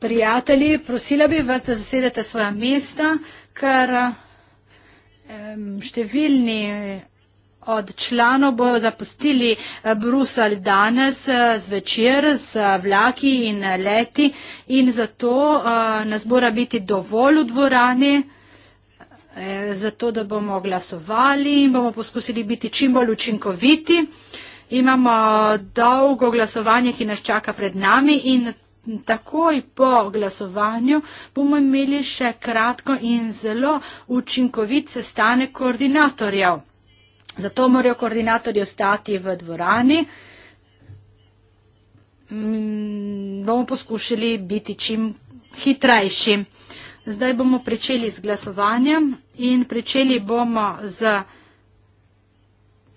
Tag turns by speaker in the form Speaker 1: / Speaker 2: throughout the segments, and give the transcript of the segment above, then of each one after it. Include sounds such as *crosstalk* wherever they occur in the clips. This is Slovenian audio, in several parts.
Speaker 1: Prijatelji, prosila bi vas, da zasedete svoja mesta, ker številni od članov bojo zapustili eh, Brusel danes eh, zvečer z vlaki in leti in zato eh, nas mora biti dovolj v dvorani, zato da bomo glasovali in bomo poskusili biti čim bolj učinkoviti imamo dolgo glasovanje, ki nas čaka pred nami in takoj po glasovanju bomo imeli še kratko in zelo učinkovit sestanek koordinatorjev. Zato morajo koordinatorji ostati v dvorani. Mm, bomo poskušali biti čim hitrejši. Zdaj bomo pričeli z glasovanjem in pričeli bomo z,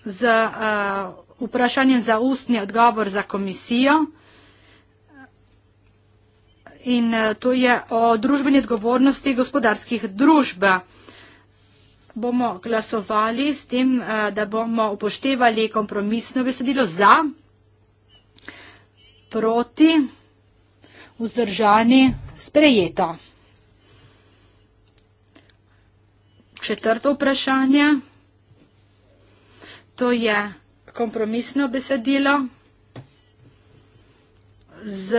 Speaker 1: z uh, vprašanje za ustni odgovor za komisijo in eh, to je o družbeni odgovornosti gospodarskih družb. Bomo glasovali s tem, eh, da bomo upoštevali kompromisno besedilo za, proti, vzdržani, sprejeto. Četrto vprašanje, to je kompromisno besedilo z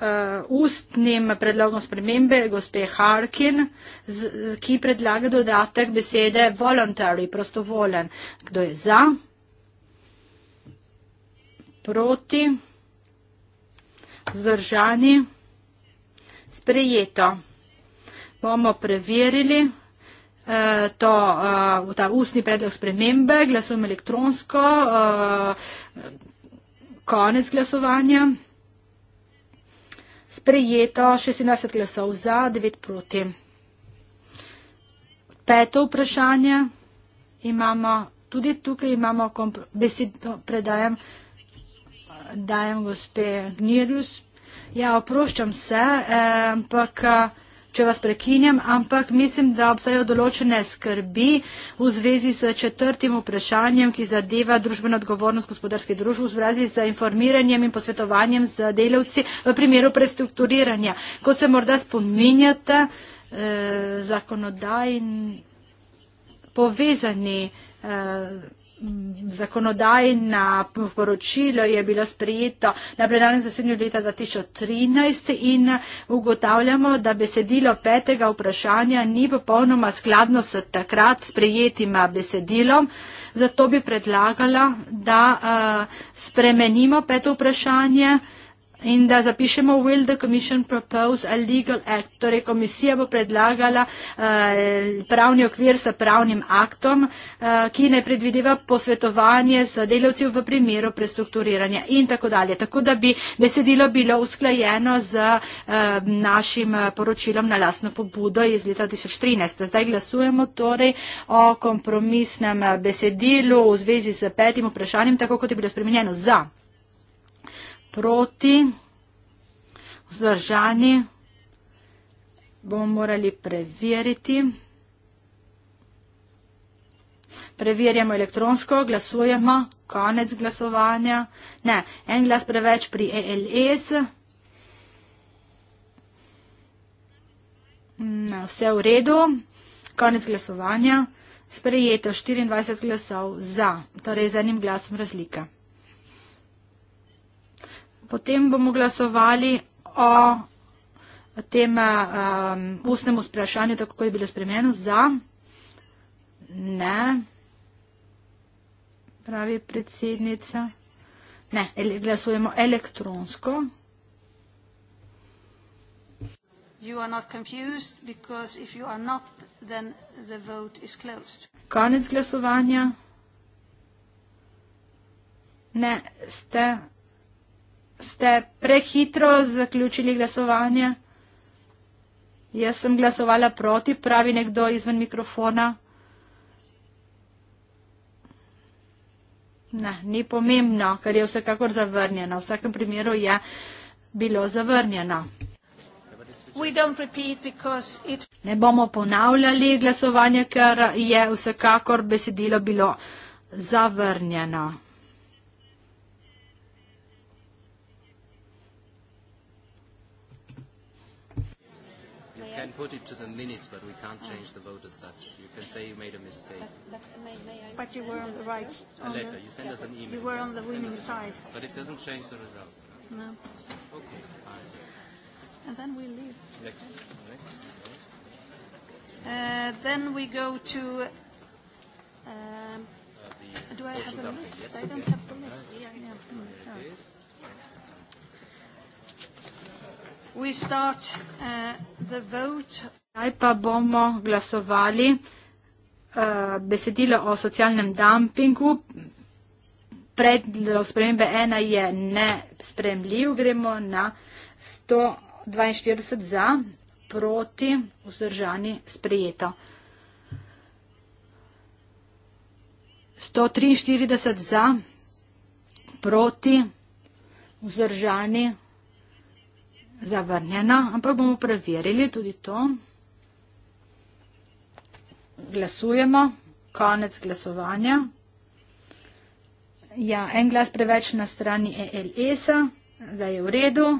Speaker 1: uh, ustnim predlogom spremembe gospe Harkin, z, z, ki predlaga dodatek besede voluntary, prostovolen. Kdo je za? Proti? Zdržani? Sprejeto. Bomo preverili. Eh, to, uh, ta ustni predlog spremembe, glasujem elektronsko, uh, konec glasovanja. Sprejeto 26 glasov za, 9 proti. Peto vprašanje imamo, tudi tukaj imamo besedo, predajam, dajem gospe Gnirus. Ja, oproščam se, ampak. Eh, če vas prekinjam, ampak mislim, da obstajajo določene skrbi v zvezi s četrtim vprašanjem, ki zadeva družbeno odgovornost gospodarske družbe v zvezi z informiranjem in posvetovanjem z delavci v primeru prestrukturiranja. Kot se morda spominjate, eh, zakonodaj in povezani. Eh, zakonodajna poročilo je bilo sprejeto na plenarnem zasedanju leta 2013 in ugotavljamo, da besedilo petega vprašanja ni popolnoma skladno s takrat sprejetima besedilom. Zato bi predlagala, da eh, spremenimo peto vprašanje. In da zapišemo, will the commission propose a legal act, torej komisija bo predlagala uh, pravni okvir sa pravnim aktom, uh, ki ne predvideva posvetovanje z delavci v primeru prestrukturiranja in tako dalje. Tako da bi besedilo bilo usklajeno z uh, našim poročilom na lastno pobudo iz leta 2013. Zdaj glasujemo torej o kompromisnem besedilu v zvezi s petim vprašanjem, tako kot je bilo spremenjeno za proti, vzdržani, bomo morali preveriti. Preverjamo elektronsko, glasujemo, konec glasovanja. Ne, en glas preveč pri ELS. Ne, vse v redu, konec glasovanja. Sprejeto 24 glasov za, torej z enim glasom razlika. Potem bomo glasovali o tem um, ustnem vprašanju, tako kot je bilo spremenjeno, za. Ne, pravi predsednica. Ne, ele, glasujemo elektronsko. Not, Konec glasovanja. Ne, ste ste prehitro zaključili glasovanje. Jaz sem glasovala proti, pravi nekdo izven mikrofona. Ne, ni pomembno, ker je vsekakor zavrnjeno. V vsakem primeru je bilo zavrnjeno. It... Ne bomo ponavljali glasovanje, ker je vsekakor besedilo bilo zavrnjeno.
Speaker 2: put it to the minutes, but we can't change the vote as such. You can say you made a mistake.
Speaker 3: But, but, may, may I but you were on the right. A on letter. The, you send yeah, us an email. You were on the winning side.
Speaker 4: But it doesn't change the result. No. Okay, fine.
Speaker 3: And then we leave.
Speaker 4: Next. Next.
Speaker 3: Uh, then we go to. Um, uh, do I have a list? Yes. I don't yes. have the list. Yeah, yeah. yeah. Mm, sure. We start uh, the
Speaker 1: vote. Zdaj pa bomo glasovali uh, besedilo o socialnem dumpingu. Predlog spremembe ena je nespremljiv. Gremo na 142 za, proti, vzdržani, sprejeto. 143 za, proti, vzdržani, sprejeto zavrnjena, ampak bomo preverili tudi to. Glasujemo, konec glasovanja. Ja, en glas preveč na strani ELS-a, e da je v redu.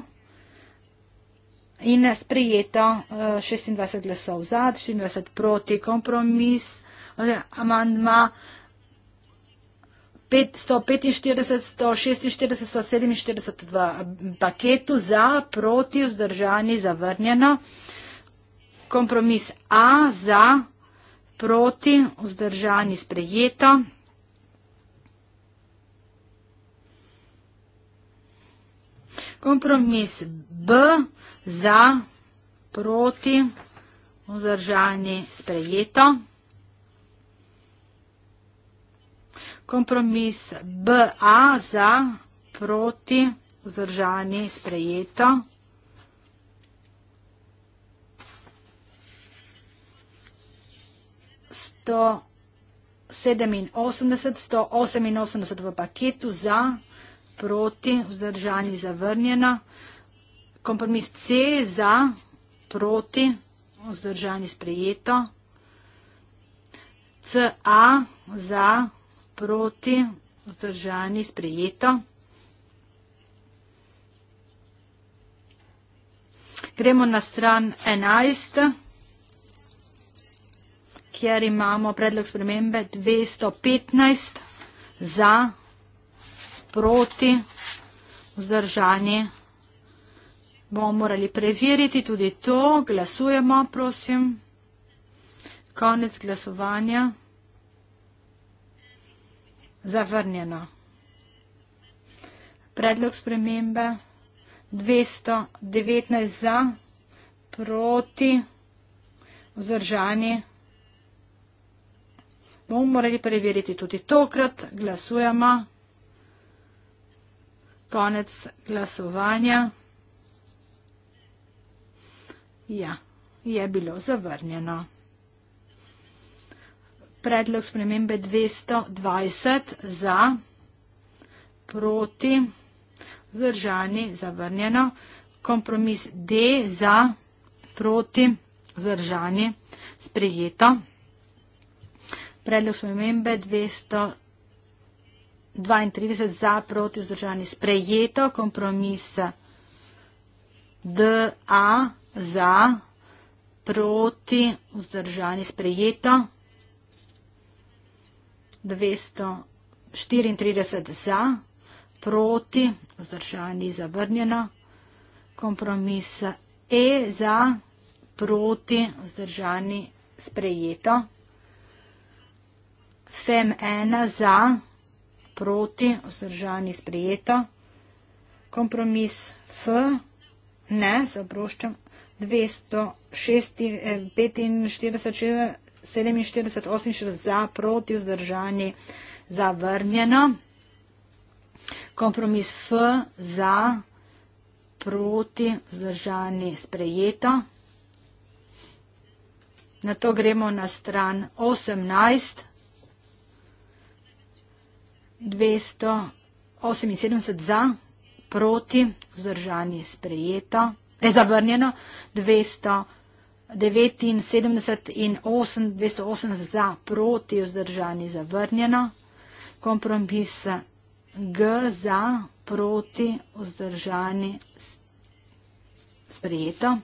Speaker 1: In sprejeto 26 eh, glasov za, 24 proti kompromis, eh, amandma. Okay, 145, 146, 147 v paketu za, proti, vzdržani, zavrnjeno. Kompromis A za, proti, vzdržani, sprejeto. Kompromis B za, proti, vzdržani, sprejeto. kompromis BA za, proti, vzdržani, sprejeto. Sto 87, 188 v paketu za, proti, vzdržani, zavrnjeno. Kompromis C za, proti, vzdržani, sprejeto. CA za, proti, vzdržani, sprejeto proti, vzdržani, sprejeto. Gremo na stran 11, kjer imamo predlog spremembe 215 za, proti, vzdržani. Bomo morali preveriti tudi to. Glasujemo, prosim. Konec glasovanja zavrnjeno. Predlog spremembe 219 za, proti, vzdržani. Bomo morali preveriti tudi tokrat. Glasujemo. Konec glasovanja. Ja, je bilo zavrnjeno predlog spremembe 220 za, proti, zdržani, zavrnjeno, kompromis D za, proti, zdržani, sprejeto. Predlog spremembe 232 za, proti, zdržani, sprejeto. Kompromis DA za, proti, vzdržani, sprejeto. 234 za, proti, vzdržani zavrnjeno, kompromis E za, proti, vzdržani sprejeto, FEM 1 za, proti, vzdržani sprejeto, kompromis F ne, se oproščam, 245 47, 48 za, proti vzdržani, zavrnjeno. Kompromis F za, proti vzdržani, sprejeto. Na to gremo na stran 18. 278 za, proti, vzdržani sprejeto, ne zavrnjeno, 200. 79 in 8, 280 za, proti, vzdržani, zavrnjeno. Kompromis G za, proti, vzdržani, sprejeto.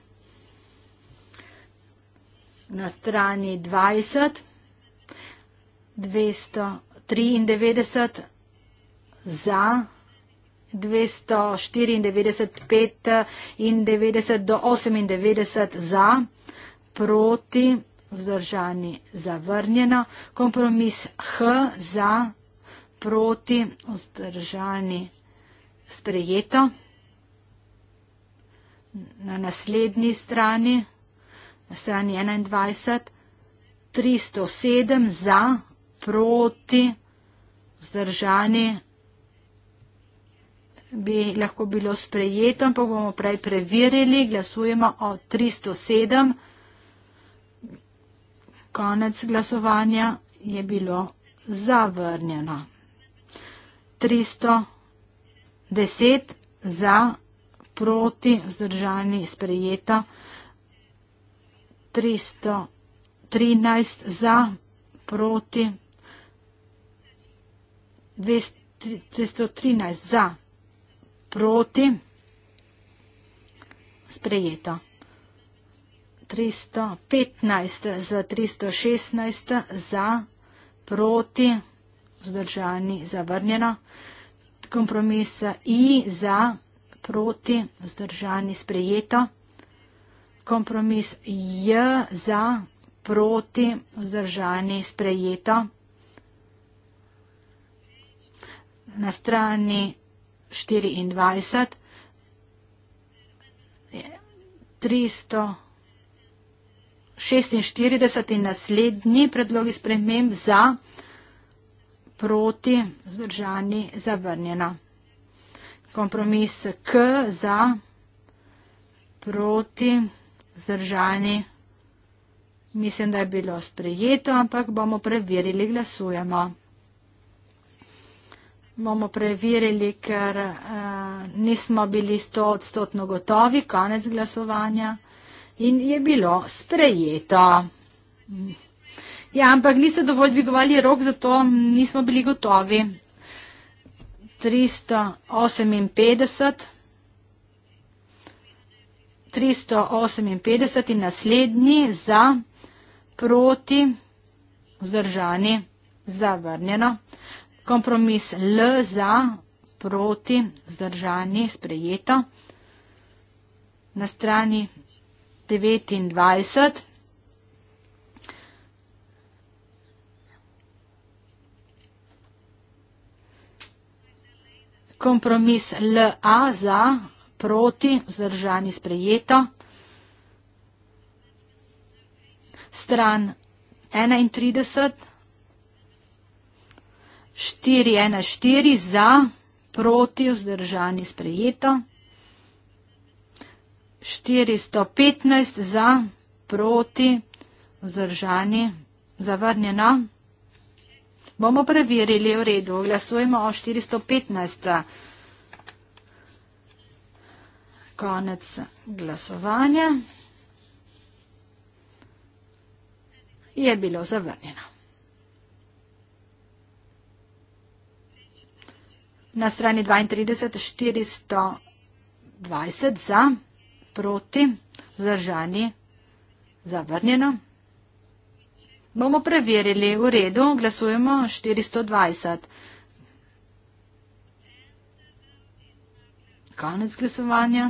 Speaker 1: Na strani 20, 293 za, 294, 95 do 98 za, proti, vzdržani, zavrnjeno, kompromis H za, proti, vzdržani, sprejeto. Na naslednji strani, na strani 21, 307 za, proti, vzdržani, sprejeto bi lahko bilo sprejeto, ampak bomo prej preverili. Glasujemo o 307. Konec glasovanja je bilo zavrnjeno. 310 za, proti, zdržani, sprejeto. 313 za, proti. 213 za proti. Sprejeto. 315 za 316 za proti. Vzdržani zavrnjeno. Kompromis I za proti. Vzdržani sprejeto. Kompromis J za proti. Vzdržani sprejeto. Na strani 24, 300. 46 in naslednji predlogi sprememb za, proti, zdržani, zavrnjena. Kompromis K za, proti, zdržani, mislim, da je bilo sprejeto, ampak bomo preverili, glasujemo bomo preverili, ker uh, nismo bili sto odstotno gotovi, konec glasovanja in je bilo sprejeto. Ja, ampak niste dovolj dvigovali rok, zato nismo bili gotovi. 358. 358 in naslednji za, proti, vzdržani, zavrnjeno kompromis L za, proti, zdržani, sprejeto. Na strani 29. Kompromis LA za, proti, vzdržani, sprejeto. Stran 31. 4, 1, 4 za, proti, vzdržani, sprejeto. 415 za, proti, vzdržani, zavrnjeno. Bomo preverili v redu. Glasujemo o 415. Konec glasovanja. Je bilo zavrnjeno. Na strani 32 420 za, proti, vzdržani, zavrnjeno. Bomo preverili v redu, glasujemo 420. Konec glasovanja.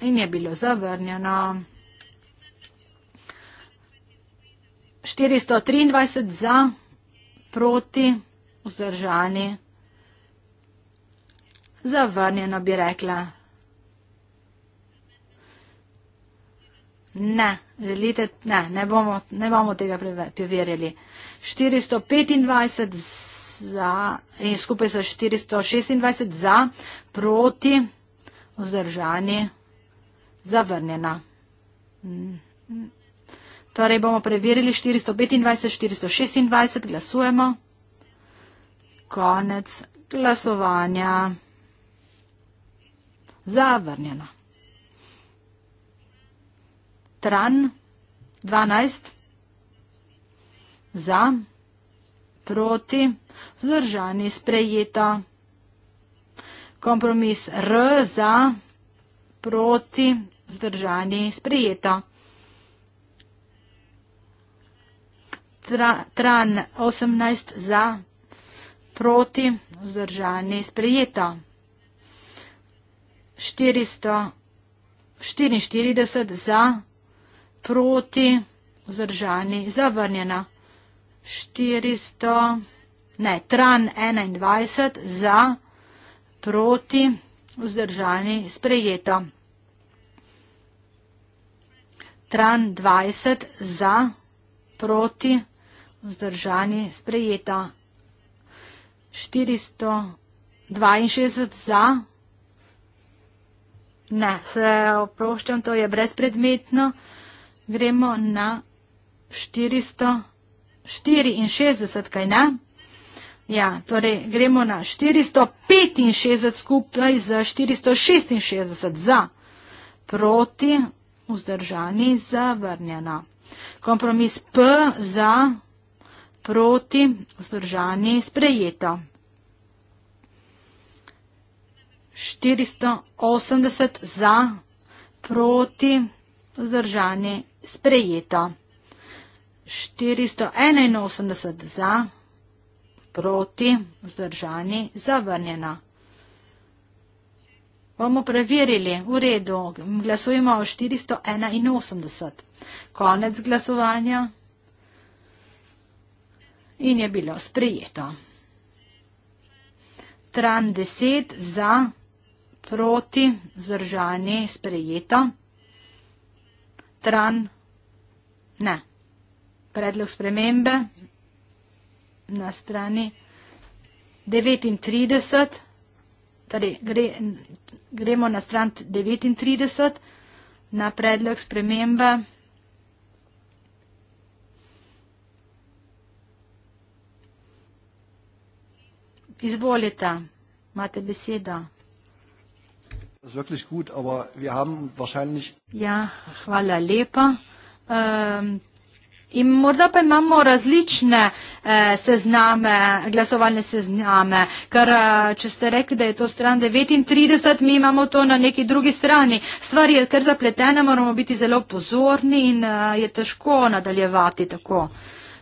Speaker 1: In je bilo zavrnjeno. 423 za proti, vzdržani, zavrnjeno bi rekla. Ne, želite, ne, ne bomo, ne bomo tega preverjali. 425 za in skupaj sa 426 za, proti, vzdržani, zavrnjena. Mm, mm. Torej bomo preverili 425, 426, glasujemo. Konec glasovanja. Zavrnjeno. Tran 12. Za. Proti. Vzdržani sprejeta. Kompromis R za. Proti. Vzdržani sprejeta. stran 18 za, proti, vzdržani, sprejeto. 444 za, proti, vzdržani, zavrnjena. 400, ne, tran 21 za, proti, vzdržani, sprejeto. Tran 20 za, proti, vzdržani vzdržani, sprejeta. 462 za. Ne, se oproščam, to je brezpredmetno. Gremo na 464, kaj ne? Ja, torej gremo na 465 skupaj z 466 za. Proti, vzdržani, zavrnjena. Kompromis P za proti, vzdržani, sprejeto. 480 za, proti, vzdržani, sprejeto. 481 za, proti, vzdržani, zavrnjeno. Bomo preverili, v redu, glasujemo o 481. Konec glasovanja in je bilo sprejeto. Tran 10 za proti zdržanje sprejeto. Tran ne. Predlog spremembe na strani 39. Tore, gre, gremo na stran 39 na predlog spremembe. Izvolite, imate besedo. Gut, aber wir haben wahrscheinlich... Ja, hvala lepa. Um, in morda pa imamo različne eh, sezname, glasovalne sezname, ker eh, če ste rekli, da je to stran 39, mi imamo to na neki drugi strani. Stvar je kar zapletena, moramo biti zelo pozorni in eh, je težko nadaljevati tako.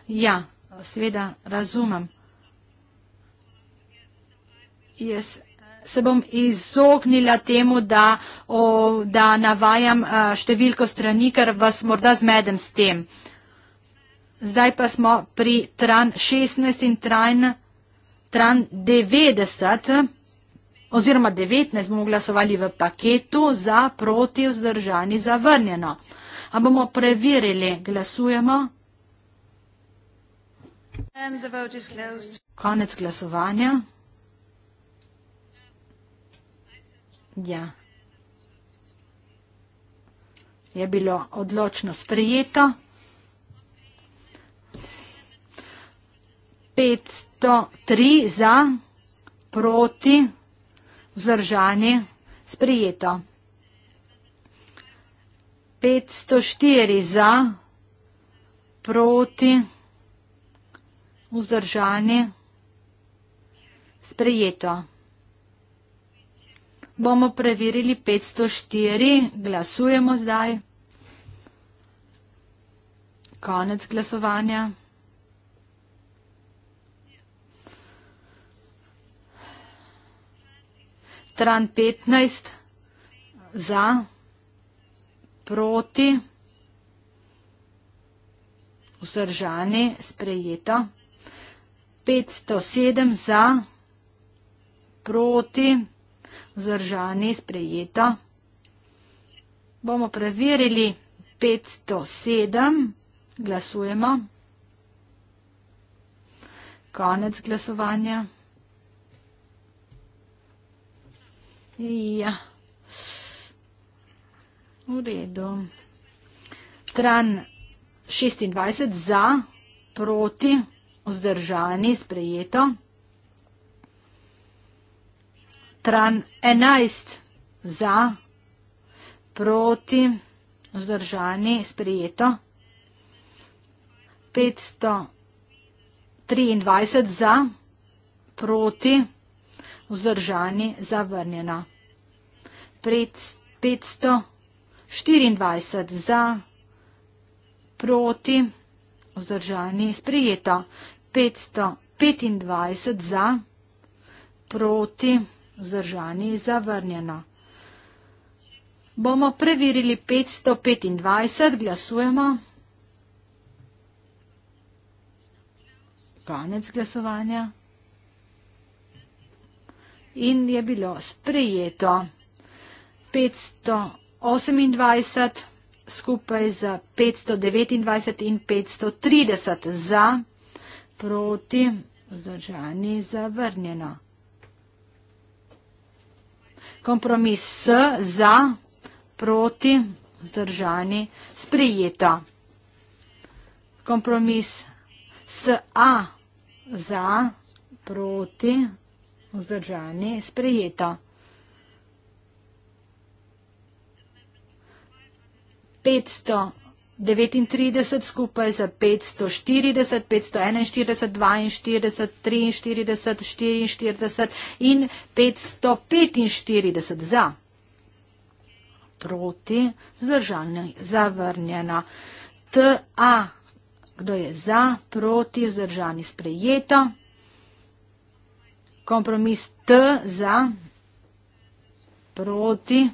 Speaker 1: Ja, seveda razumem. Jaz se bom izognila temu, da, o, da navajam številko strani, ker vas morda zmedem s tem. Zdaj pa smo pri tran 16 in tran, tran 90 oziroma 19 bomo glasovali v paketu za proti vzdržani zavrnjeno. A bomo preverili, glasujemo. Konec glasovanja. Ja. Je bilo odločno sprejeto. 503 za, proti, vzdržani, sprijeto. 504 za, proti, vzdržani, sprijeto bomo preverili 504. Glasujemo zdaj. Konec glasovanja. Tran 15 za, proti, vzdržani, sprejeto. 507 za, proti, vzdržani vzdržani, sprejeto. Bomo preverili 5 do 7. Glasujemo. Konec glasovanja. Ja. V redu. Tran 26 za, proti, vzdržani, sprejeto. Tran 11 za, proti, vzdržani, sprijeto. 523 za, proti, vzdržani, zavrnjeno. 524 za, proti, vzdržani, sprijeto. 525 za, proti, vzdržani vzdržani zavrnjeno. Bomo preverili 525, glasujemo. Konec glasovanja. In je bilo sprejeto 528 skupaj z 529 in 530 za, proti, vzdržani, zavrnjeno kompromis S za proti zdržani sprijeta. Kompromis S A za proti zdržani sprijeta. Petsto 39 skupaj za 540, 541, 42, 43, 44 in 545 za. Proti, vzdržanje, zavrnjena. TA, kdo je za, proti, vzdržanje, sprejeto. Kompromis T za, proti,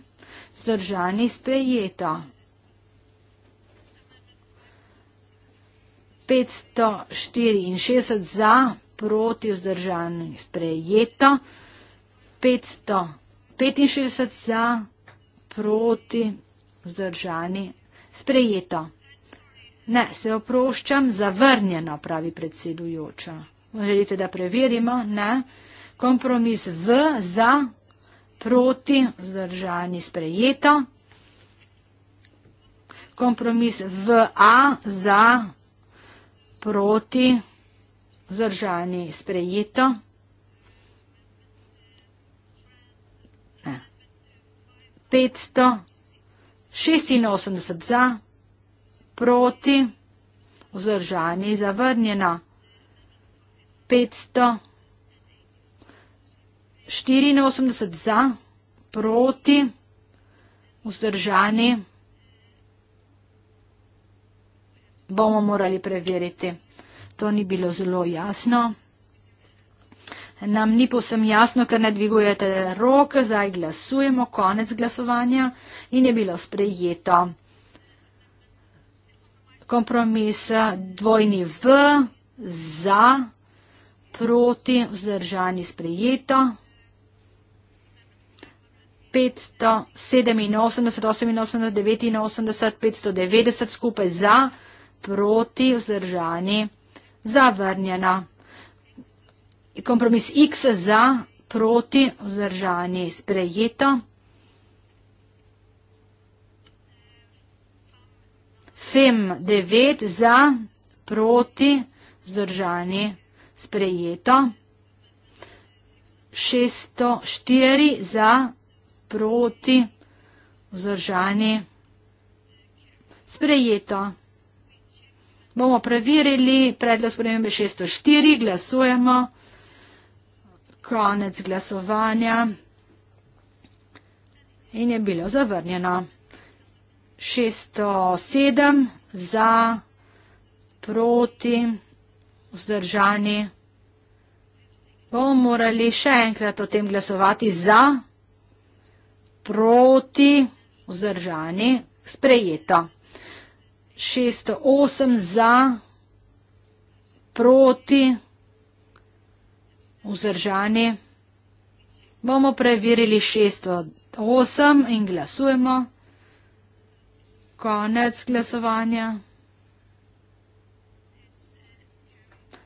Speaker 1: vzdržanje, sprejeto. 564 za, proti vzdržani sprejeto, 565 za, proti vzdržani sprejeto. Ne, se oproščam, zavrnjeno, pravi predsedujoča. Želite, da preverimo? Ne. Kompromis v za, proti vzdržani sprejeto. Kompromis v a za, proti, vzdržani, sprejeto. Ne. 500, 86 za, proti, vzdržani, zavrnjeno. 500, 84 za, proti, vzdržani, zavrnjeno. bomo morali preveriti. To ni bilo zelo jasno. Nam ni povsem jasno, ker ne dvigujete roke, zdaj glasujemo, konec glasovanja in je bilo sprejeto. Kompromis eh, dvojni V za, proti, vzdržani sprejeto. 587, 88, 89, 590 skupaj za proti vzdržani zavrnjena. Kompromis X za proti vzdržani sprejeto. FEM 9 za proti vzdržani sprejeto. 604 za proti vzdržani sprejeto. Bomo preverili predlog spremembe 604, glasujemo. Konec glasovanja. In je bilo zavrnjeno. 607 za, proti, vzdržani. Bomo morali še enkrat o tem glasovati za, proti, vzdržani, sprejeto. 608 za, proti, vzdržani. Bomo preverili 608 in glasujemo. Konec glasovanja.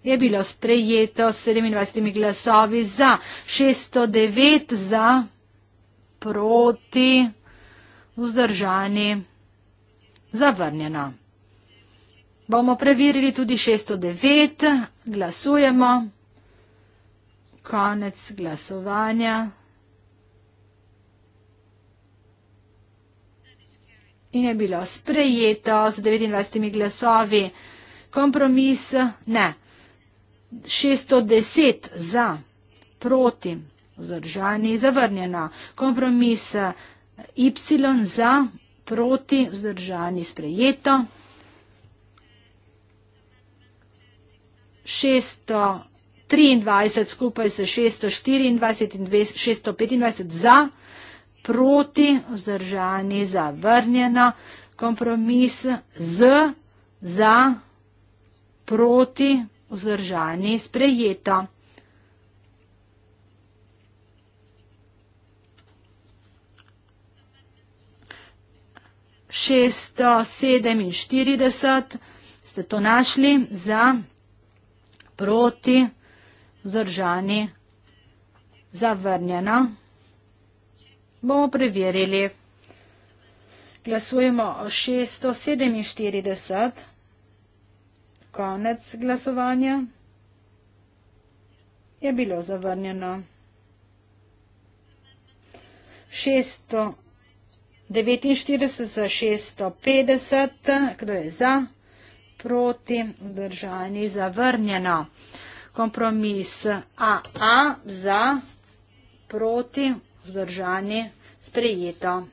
Speaker 1: Je bilo sprejeto s 27 glasovi za, 609 za, proti, vzdržani, zavrnjeno. Bomo preverili tudi 609. Glasujemo. Konec glasovanja. In je bilo sprejeto z 29 glasovi. Kompromis ne. 610 za, proti, vzdržani, zavrnjeno. Kompromis Y za, proti, vzdržani, sprejeto. 623 skupaj se 624 in 625 za, proti, vzdržani, zavrnjeno, kompromis z, za, proti, vzdržani, sprejeto. Šeststo sedeminštirideset ste to našli za proti, vzdržani, zavrnjena. Bomo preverili. Glasujemo o 647. Konec glasovanja. Je bilo zavrnjeno. 649 za 650. Kdo je za? proti držani zavrnjeno. Kompromis AA za proti vzdržani sprejeto.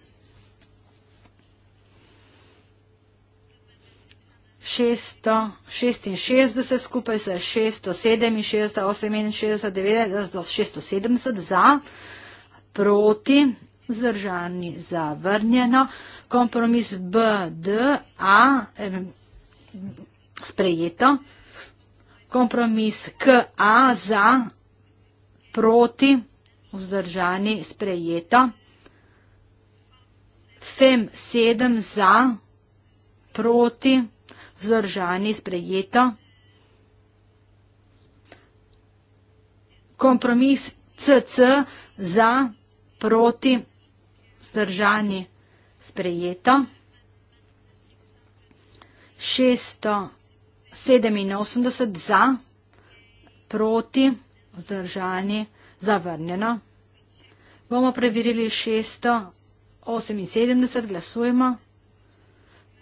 Speaker 1: 666 skupaj se 667, 68, 69, 670 za, proti, zdržani, zavrnjeno, kompromis BDA. Eh, sprejeto. Kompromis KA za proti vzdržani sprejeto. FEM 7 za proti vzdržani sprejeto. Kompromis CC za proti vzdržani sprejeto. 687 za, proti, vzdržani, zavrnjeno. Bomo preverili 678, glasujemo.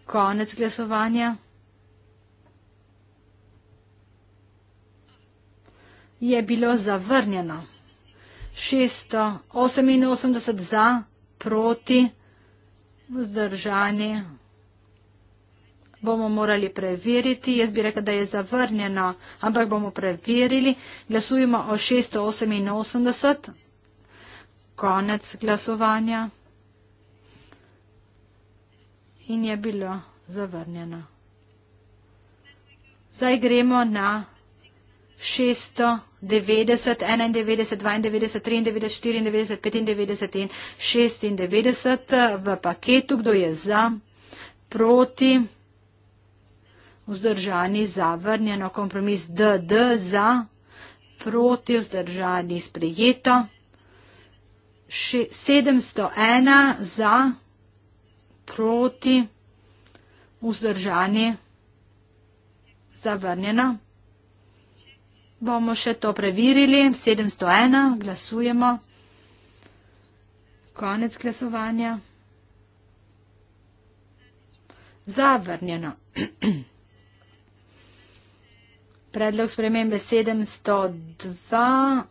Speaker 1: Konec glasovanja. Je bilo zavrnjeno. 688 za, proti, vzdržani, zavrnjeno bomo morali preveriti. Jaz bi rekel, da je zavrnjeno, ampak bomo preverili. Glasujemo o 688. Konec glasovanja. In je bilo zavrnjeno. Zdaj gremo na 600. 90, 91, 92, 93, 94, 95 in 96 v paketu. Kdo je za? Proti? vzdržani za, vrnjeno kompromis DD za, proti vzdržani sprejeto, 701 za, proti vzdržani za, vrnjeno. Bomo še to preverili, 701, glasujemo. Konec glasovanja. Zavrnjeno. *clears throat* predlog spremembe 702, uh,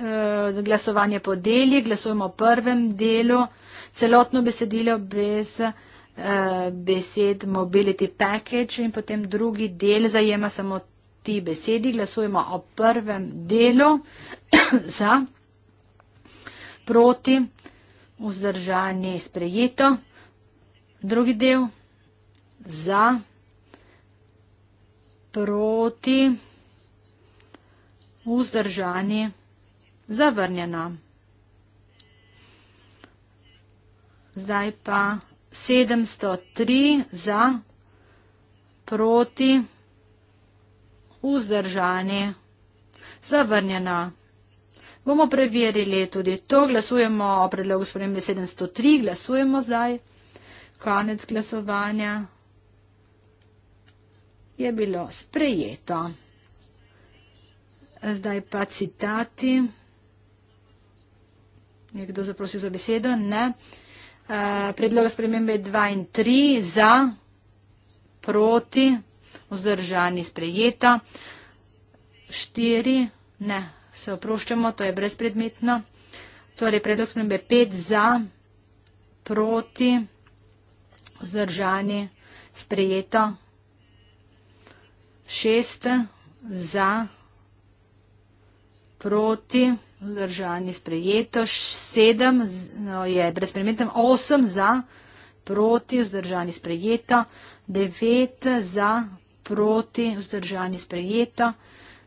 Speaker 1: eh, glasovanje po deli, glasujemo o prvem delu, celotno besedilo brez uh, besed mobility package in potem drugi del zajema samo ti besedi, glasujemo o prvem delu *clears throat* za, proti, vzdržanje sprejeto, drugi del za proti, vzdržani, zavrnjeno. Zdaj pa 703 za, proti, vzdržani, zavrnjeno. Bomo preverili tudi to, glasujemo o predlogu spremembe 703, glasujemo zdaj, konec glasovanja je bilo sprejeto. Zdaj pa citati. Je kdo zaprosil za besedo? Ne. Uh, predloga spremembe 2 in 3 za, proti, vzdržani sprejeta. 4, ne, se oproščamo, to je brezpredmetno. Torej, predlog spremembe 5 za, proti, vzdržani sprejeta šest za, proti, vzdržani sprejeto, sedem no, je brezpredmeten, osem za, proti, vzdržani sprejeto, devet za, proti, vzdržani sprejeto,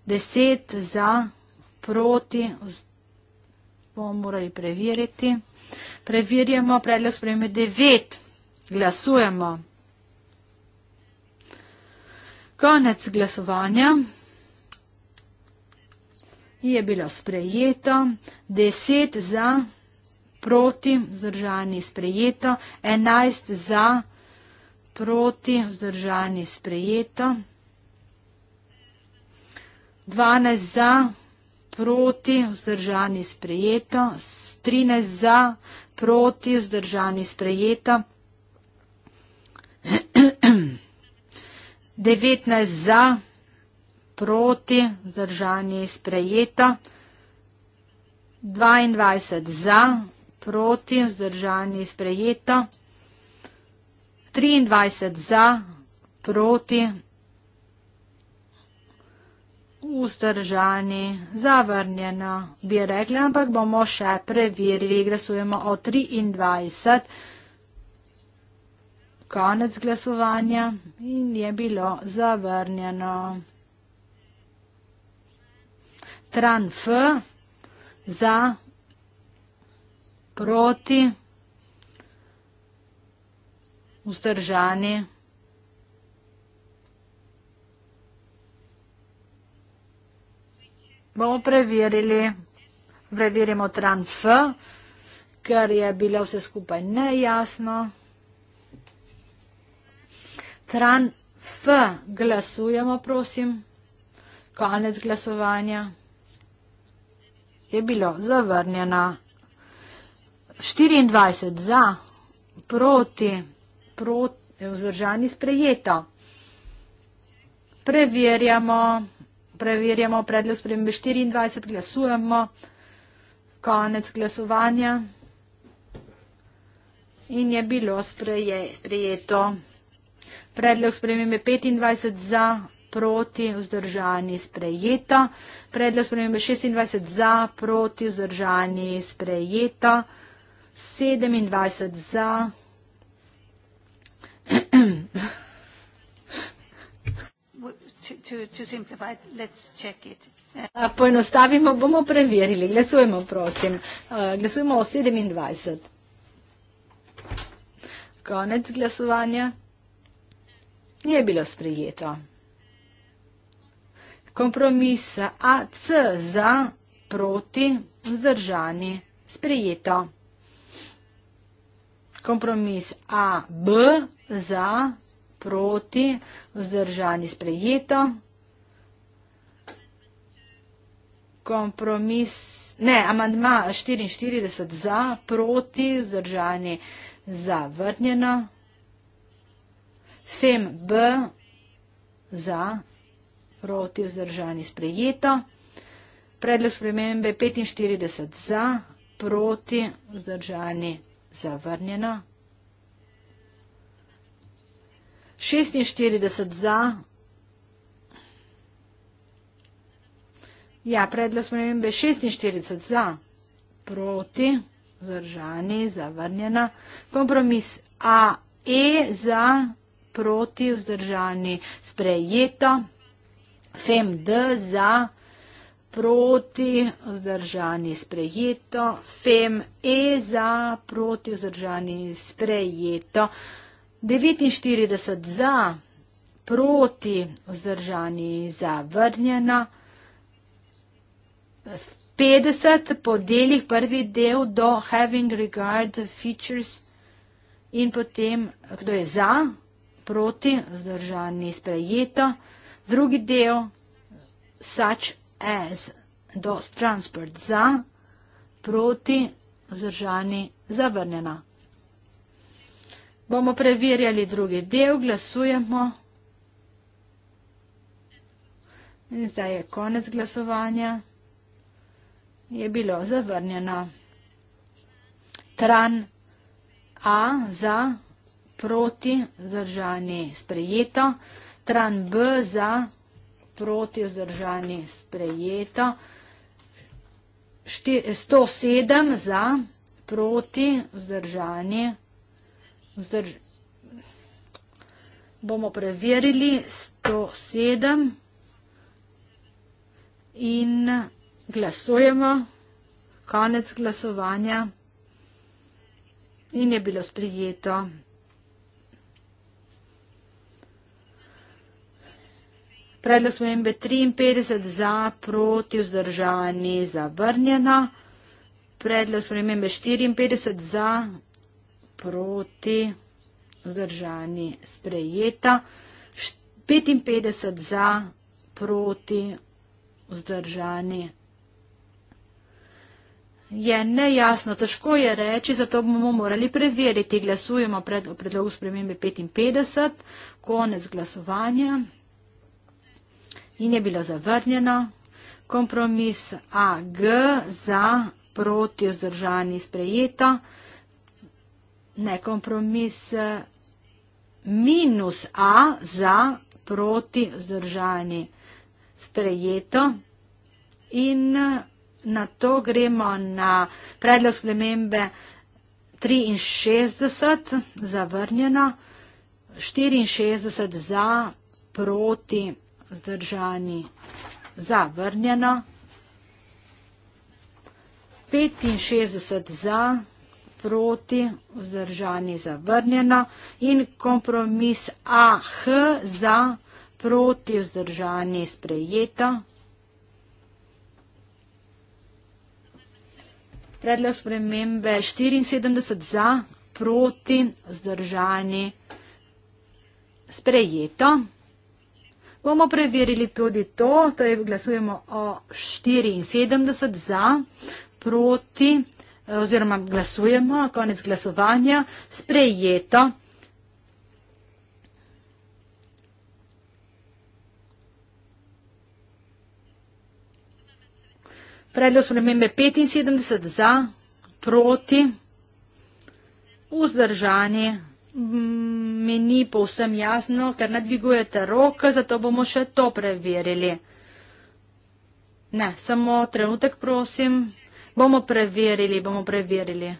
Speaker 1: deset za, proti, bomo morali preveriti. Preverjamo predlog spremembe devet. Glasujemo. Konec glasovanja je bilo sprejeto, deset za, proti, vzdržani sprejeto, enajst za, proti, vzdržani sprejeto, dvanajst za, proti, vzdržani sprejeto, trinajst za, proti, vzdržani sprejeto. *clears throat* 19 za, proti, vzdržanje je sprejeto, 22 za, proti, vzdržanje je sprejeto, 23 za, proti, vzdržanje zavrnjeno, bi rekli, ampak bomo še preverili, glasujemo o 23 za konec glasovanja in je bilo zavrnjeno. Tran F za proti vzdržani. Bomo preverili, preverimo tran F, ker je bilo vse skupaj nejasno stran F glasujemo, prosim. Konec glasovanja. Je bilo zavrnjeno. 24 za, proti, proti, vzdržani sprejeto. Preverjamo, preverjamo predlog spremembe 24, glasujemo. Konec glasovanja. In je bilo sprejeto. Predlog spremembe 25 za, proti, vzdržani sprejeta. Predlog spremembe 26 za, proti, vzdržani sprejeta. 27 za. Poenostavimo, bomo preverili. Glasujemo, prosim. Eh, glasujemo o 27. Konec glasovanja ni bilo sprejeto. Kompromisa AC za, proti, vzdržani, sprejeto. Kompromis AB za, proti, vzdržani, sprejeto. Kompromis, ne, amandma 44 za, proti, vzdržani, zavrnjeno. Fem B za, proti vzdržani sprejeto. Predlog spremembe 45 za, proti vzdržani zavrnjeno. 46 za. Ja, predlog spremembe 46 za, proti vzdržani zavrnjeno. Kompromis A, E za vzdržani proti, vzdržani, sprejeto, FEMD za, proti, vzdržani, sprejeto, FEME za, proti, vzdržani, sprejeto, 49 za, proti, vzdržani, zavrnjeno, 50 podeljih prvi del do having regard features in potem, kdo je za, proti, vzdržan ni sprejeto. Drugi del, such as, dos transport za, proti, vzdržani zavrnjena. Bomo preverjali drugi del, glasujemo. In zdaj je konec glasovanja. Je bilo zavrnjeno. Tran A za proti, vzdržani sprejeto, tran B za, proti, vzdržani sprejeto, 107 za, proti, vzdržani, vzdrž, bomo preverili, 107 in glasujemo, konec glasovanja in je bilo sprijeto. Predlog spremembe 53 za, proti, vzdržani, zavrnjena. Predlog spremembe 54 za, proti, vzdržani, sprejeta. 55 za, proti, vzdržani. Je nejasno, težko je reči, zato bomo morali preveriti. Glasujemo pred predlogu spremembe 55. Konec glasovanja in je bilo zavrnjeno. Kompromis AG za proti vzdržani sprejeto. Ne, kompromis eh, minus A za proti vzdržani sprejeto. In eh, na to gremo na predlog spremembe 63 zavrnjeno, 64 za proti vzdržani sprejeto vzdržani zavrnjeno, 65 za, proti, vzdržani zavrnjeno in kompromis AH za, proti, vzdržani sprejeto. Predlog spremembe 74 za, proti, vzdržani sprejeto. Bomo preverili tudi to, torej glasujemo o 74 za, proti oziroma glasujemo, konec glasovanja, sprejeto. Predlog spremembe 75 za, proti, vzdržanje. Mm mi ni povsem jasno, ker ne dvigujete rok, zato bomo še to preverili. Ne, samo trenutek, prosim. Bomo preverili, bomo preverili.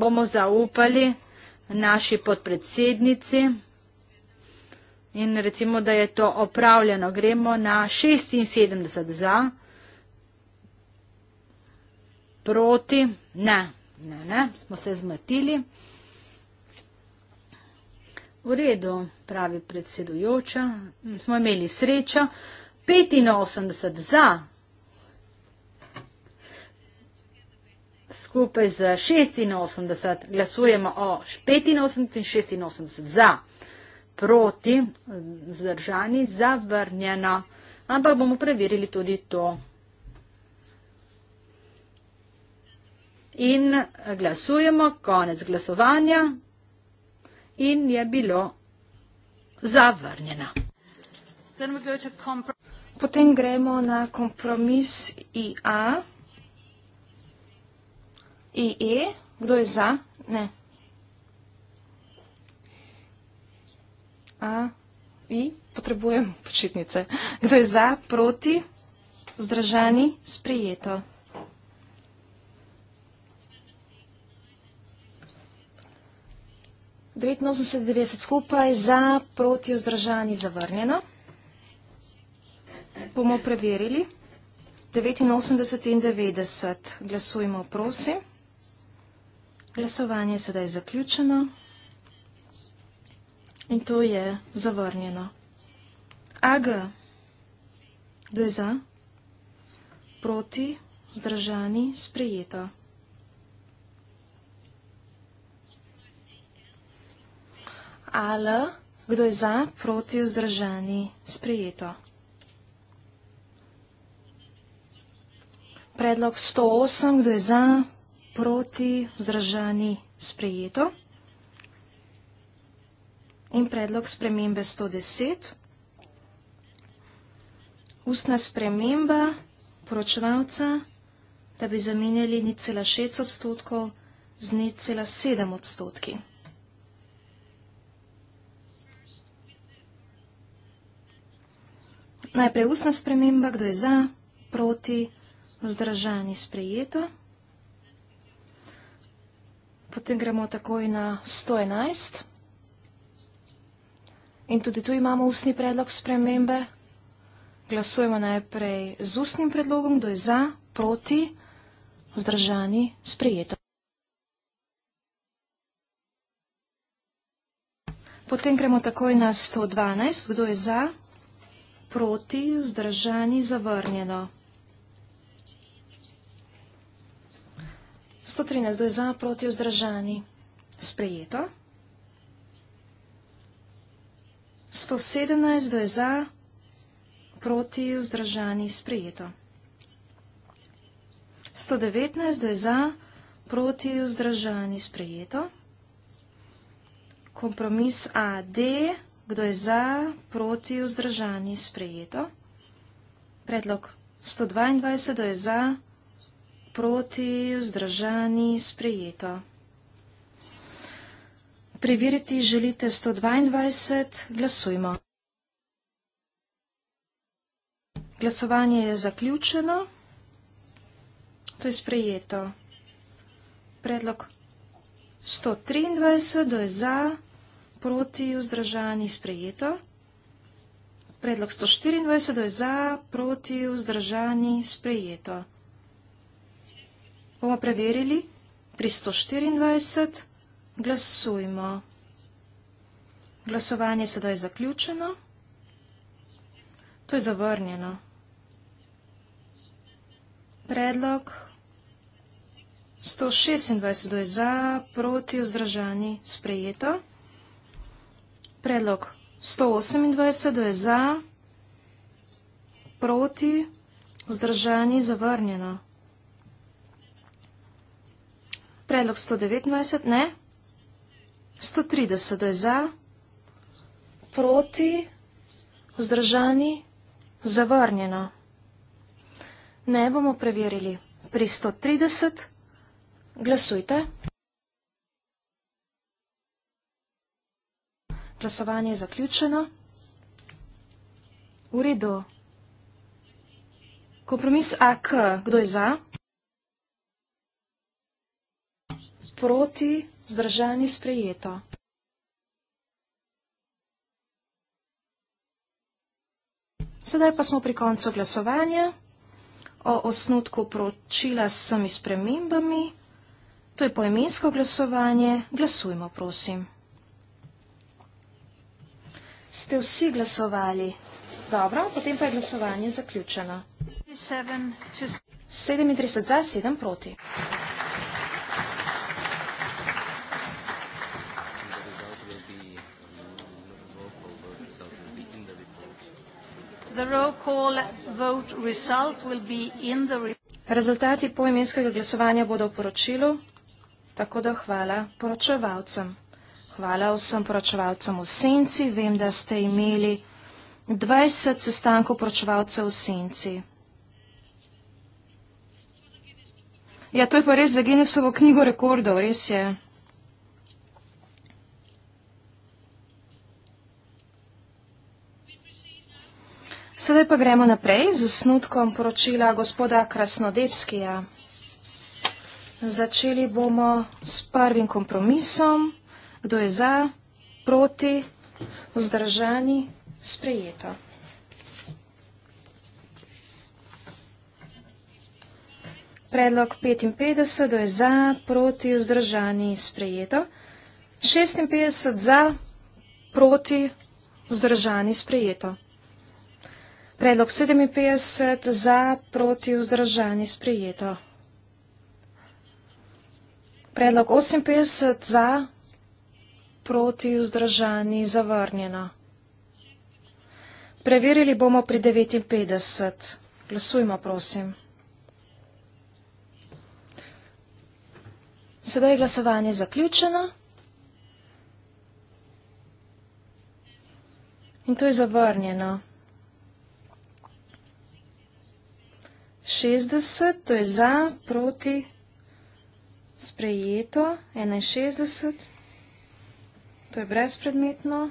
Speaker 1: Bomo zaupali naši podpredsednici in recimo, da je to opravljeno. Gremo na 76 za proti, ne, ne, ne, smo se zmatili. V redu, pravi predsedujoča, smo imeli srečo. 85 za, skupaj z 86, glasujemo o 85 in 86 za, proti, zdržani, zavrnjeno, ampak bomo preverili tudi to. In glasujemo, konec glasovanja in je bilo zavrnjeno.
Speaker 2: Potem gremo na kompromis IA. IE, kdo je za? Ne. A, I, potrebujem počitnice. Kdo je za, proti, zdržani, sprijeto. 89 skupaj za proti vzdržani zavrnjeno. Bomo preverili. 89 in 90. Glasujmo, prosim. Glasovanje je sedaj zaključeno. In to je zavrnjeno. AG. Kdo je za? Proti, vzdržani, sprejeto. AL, kdo je za, proti, vzdržani, sprejeto. Predlog 108, kdo je za, proti, vzdržani, sprejeto. In predlog spremembe 110. Ustna sprememba poročevalca, da bi zamenjali ni cela 6 odstotkov z ni cela 7 odstotki. Najprej ustna sprememba, kdo je za, proti, vzdržani sprejeto. Potem gremo takoj na 111. In tudi tu imamo ustni predlog spremembe. Glasujemo najprej z ustnim predlogom, kdo je za, proti, vzdržani sprejeto. Potem gremo takoj na 112, kdo je za, proti, vzdržani, zavrnjeno. 113, kdo je za, proti, vzdržani, sprejeto. 117, kdo je za, proti, vzdržani, sprejeto. 119, kdo je za, proti, vzdržani, sprejeto. Kompromis A, D, sprejeto. Kdo je za, proti, vzdržani, sprejeto? Predlog 122. Kdo je za, proti, vzdržani, sprejeto? Preveriti želite 122. Glasujmo. Glasovanje je zaključeno. To je sprejeto. Predlog 123. Kdo je za, proti, vzdržani, sprejeto? proti vzdržani sprejeto. Predlog 124 je za proti vzdržani sprejeto. Bomo preverili pri 124. Glasujmo. Glasovanje se da je zaključeno. To je zavrnjeno. Predlog 126 je za proti vzdržani sprejeto. Predlog 128 je za, proti, vzdržani, zavrnjeno. Predlog 129 ne. 130 je za, proti, vzdržani, zavrnjeno. Ne bomo preverili. Pri 130 glasujte. Glasovanje je zaključeno. V redu. Kompromis AK. Kdo je za? Proti. Zdržani sprejeto. Sedaj pa smo pri koncu glasovanja o osnutku pročila s vsemi spremembami. To je poemensko glasovanje. Glasujmo, prosim ste vsi glasovali. Dobro, potem pa je glasovanje zaključeno.
Speaker 3: 37
Speaker 2: za, 7 proti. Rezultati poimenskega glasovanja bodo v poročilu, tako da hvala poročevalcem. Hvala vsem poročevalcem v Senci. Vem, da ste imeli 20 sestankov poročevalcev v Senci. Ja, to je pa res za Guinnessovo knjigo rekordov, res je. Sedaj pa gremo naprej z osnutkom poročila gospoda Krasnodebskija. Začeli bomo s prvim kompromisom. Kdo je za, proti, vzdržani, sprejeto. Predlog 55, kdo je za, proti, vzdržani, sprejeto. 56 za, proti, vzdržani, sprejeto. Predlog 57 za, proti, vzdržani, sprejeto. Predlog 58 za, proti, vzdržani, sprejeto proti vzdržani zavrnjena. Preverili bomo pri 59. Glasujmo, prosim. Sedaj je glasovanje zaključeno. In to je zavrnjeno. 60, to je za, proti, sprejeto, 61. To je brezpredmetno.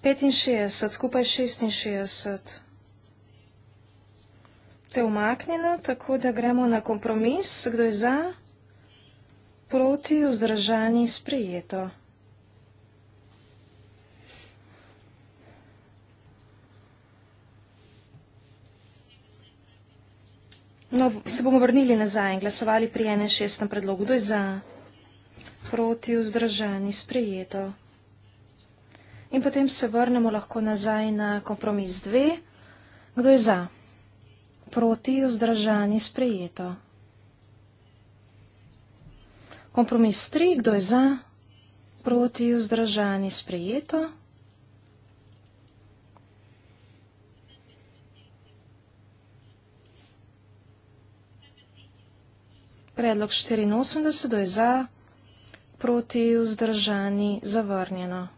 Speaker 2: 65, skupaj 66. To je umaknjeno, tako da gremo na kompromis. Kdo je za? Proti, vzdržani, sprejeto. No, se bomo vrnili nazaj in glasovali pri 61. predlogu. Kdo je za? proti vzdržani sprejeto. In potem se vrnemo lahko nazaj na kompromis 2. Kdo je za? Proti vzdržani sprejeto. Kompromis 3. Kdo je za? Proti vzdržani sprejeto. Predlog 84 do je za, proti, vzdržani, zavrnjeno.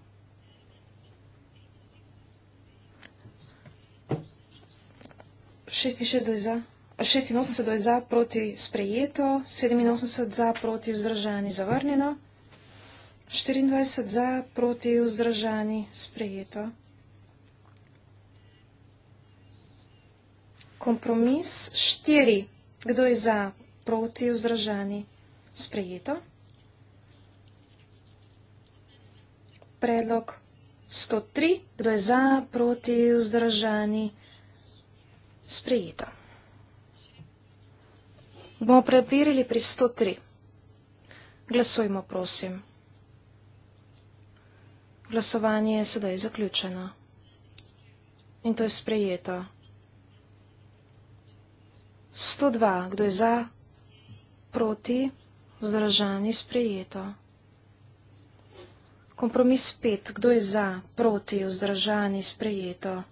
Speaker 2: Šestinosemdeset je za, proti sprejeto, sedeminosemdeset za, proti vzdržani, zavrnjeno, štiriindvajset za, proti vzdržani, sprejeto. Kompromis štiri, kdo je za, proti vzdržani, sprejeto. predlog 103, kdo je za, proti, vzdržani, sprejeto. Bomo preverili pri 103. Glasujmo, prosim. Glasovanje je sedaj zaključeno. In to je sprejeto. 102, kdo je za, proti, vzdržani, sprejeto. Kompromis pet. Kdo je za, proti, vzdržani, sprejeto?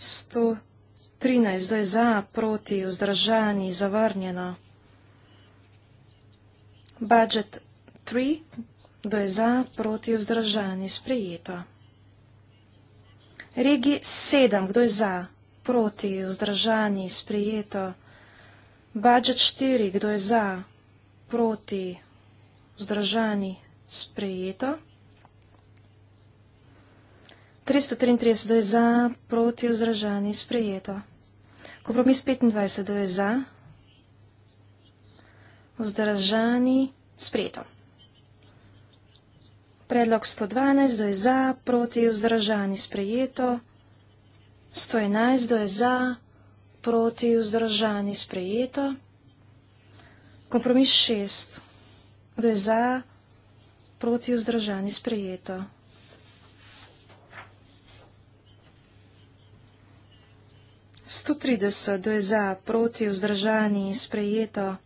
Speaker 2: Sto trinajst. Kdo je za, proti, vzdržani, zavrnjeno? Budget tri. Kdo je za, proti, vzdržani, sprejeto? Regi sedem. Kdo je za, proti, vzdržani, sprejeto? Budget štiri. Kdo je za, proti, vzdržani, sprejeto? proti, vzdržani, sprejeto. 333, da je za, proti, vzdržani, sprejeto. Kompromis 25, da je za, vzdržani, sprejeto. Predlog 112, da je za, proti, vzdržani, sprejeto. 111, da je za, proti, vzdržani, sprejeto. 112, Kompromis šest. Kdo je za, proti vzdržani sprejeto. Sto trideset. Kdo je za, proti vzdržani sprejeto.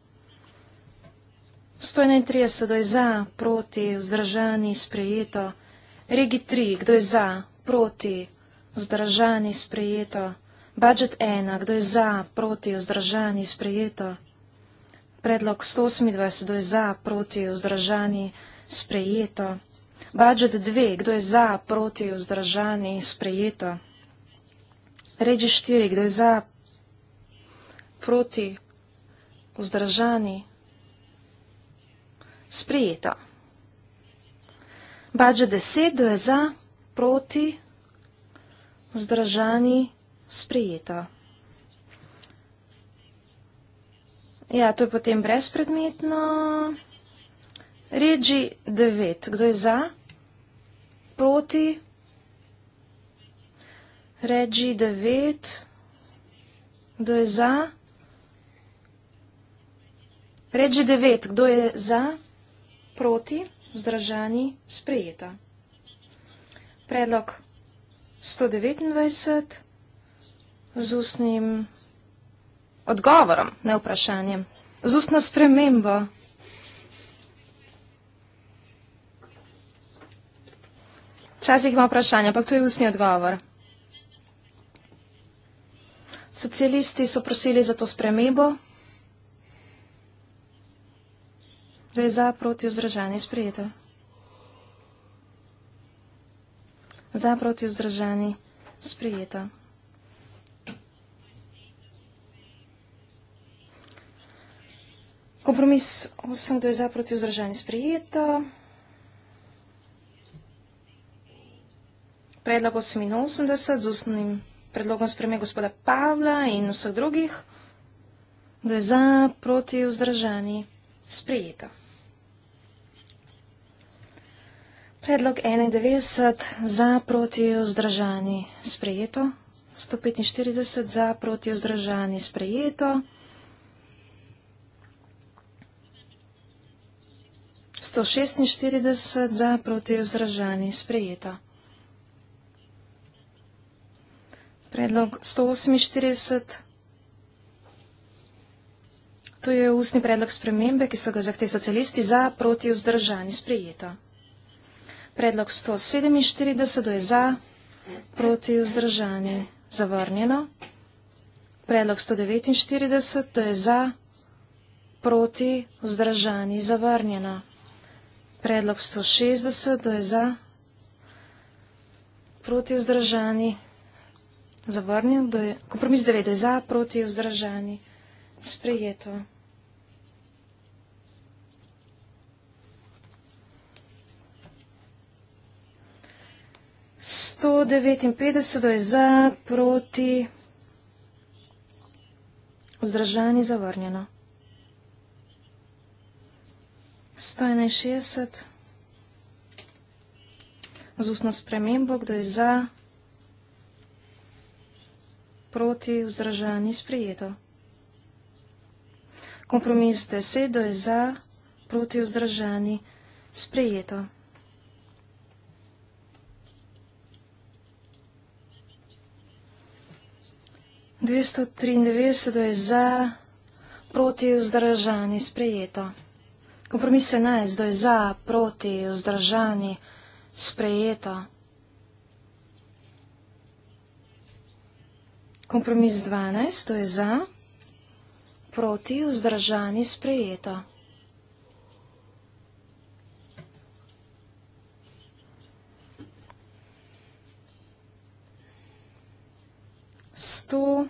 Speaker 2: Sto enaintrideset. Kdo je za, proti vzdržani sprejeto. Regi tri. Kdo je za, proti vzdržani sprejeto. Budžet ena. Kdo je za, proti vzdržani sprejeto. Predlog 128 je za, proti vzdržani, sprejeto. Budžet 2, kdo je za, proti vzdržani, sprejeto. Reči 4, kdo je za, proti vzdržani, sprejeto. Budžet 10, kdo je za, proti vzdržani, sprejeto. Ja, to je potem brezpredmetno. Reči 9. Kdo je za? Proti? Reči 9. Kdo je za? Reči 9. Kdo je za? Proti? Zdražani sprejeta. Predlog 129 z ustnim odgovorom, ne vprašanjem, z ustno spremembo. Včasih ima vprašanje, ampak to je ustni odgovor. Socialisti so prosili za to spremembo. To je za proti vzdržanje sprejeto. Za proti vzdržanje sprejeto. Компромис 8-2 за против заражане с приета. Predlog 88 z osnovnim predlogom spreme gospoda Pavla in vseh drugih, da je za proti vzdržani sprejeto. Predlog 91 za proti vzdržani sprejeto, 145 za proti vzdržani sprejeto. 146 za proti vzražanji sprejeto. Predlog 148. To je ustni predlog spremembe, ki so ga zahtevali socialisti za proti vzdržani sprejeto. Predlog 147 je za proti vzdržani zavrnjeno. Predlog 149 je za proti vzdržani zavrnjeno. Predlog 160, to je za, proti vzdržani, zavrnil, kompromis 9, to je za, proti vzdržani, sprejeto. Sto devetinpedeset, to je za, proti, vzdržani, zavrnjeno. 161. Z ustno spremembo, kdo je za, proti, vzdržan, ni sprejeto. Kompromis 10, kdo je za, proti, vzdržan, ni sprejeto. Dvesto triindevetdeset je za, proti vzdržani sprejeto. Kompromise naj, zdaj za, proti, vzdržani, sprejeto. Kompromis 12, to je za, proti, vzdržani, sprejeto. Sto,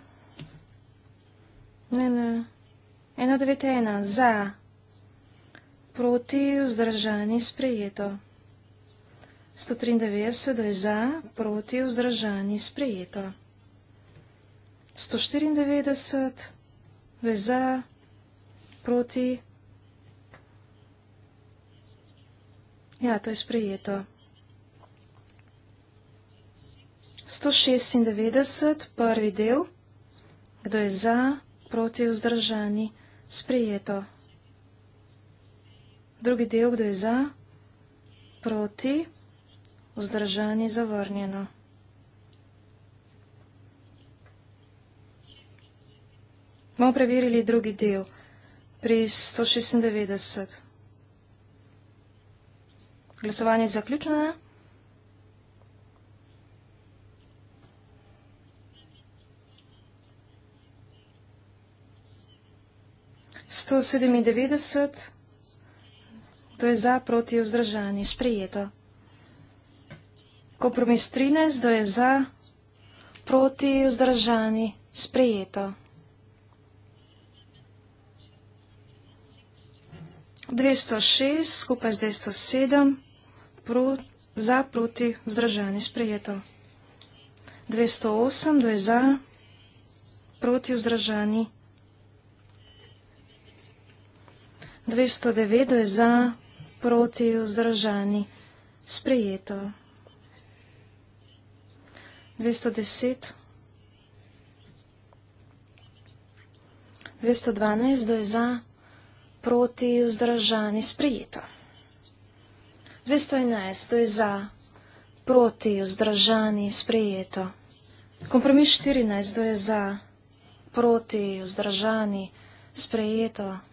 Speaker 2: ne, ne, ena devetena, za, proti, vzdržani, sprejeto. 193 je za, proti, vzdržani, sprejeto. 194 je za, proti. Ja, to je sprejeto. 196, prvi del, kdo je za, proti, vzdržani, sprejeto. Drugi del, kdo je za, proti, vzdržani, zavrnjeno. Bomo preverili drugi del pri 196. Glasovanje je zaključeno. Сто седемдесет To je za, proti, vzdržani. Sprijeto. Kompromis 13, to je za, proti, vzdržani. Sprijeto. 206 skupaj z 207, pro, za, proti, vzdržani. Sprijeto. 208, to je za, proti, vzdržani. 209, to je za, proti, vzdržani proti vzdržani. Sprejeto. 210. 212. Do je za proti vzdržani. Sprejeto. 211. Do je za proti vzdržani. Sprejeto. Kompromis 14. Do je za proti vzdržani. Sprejeto.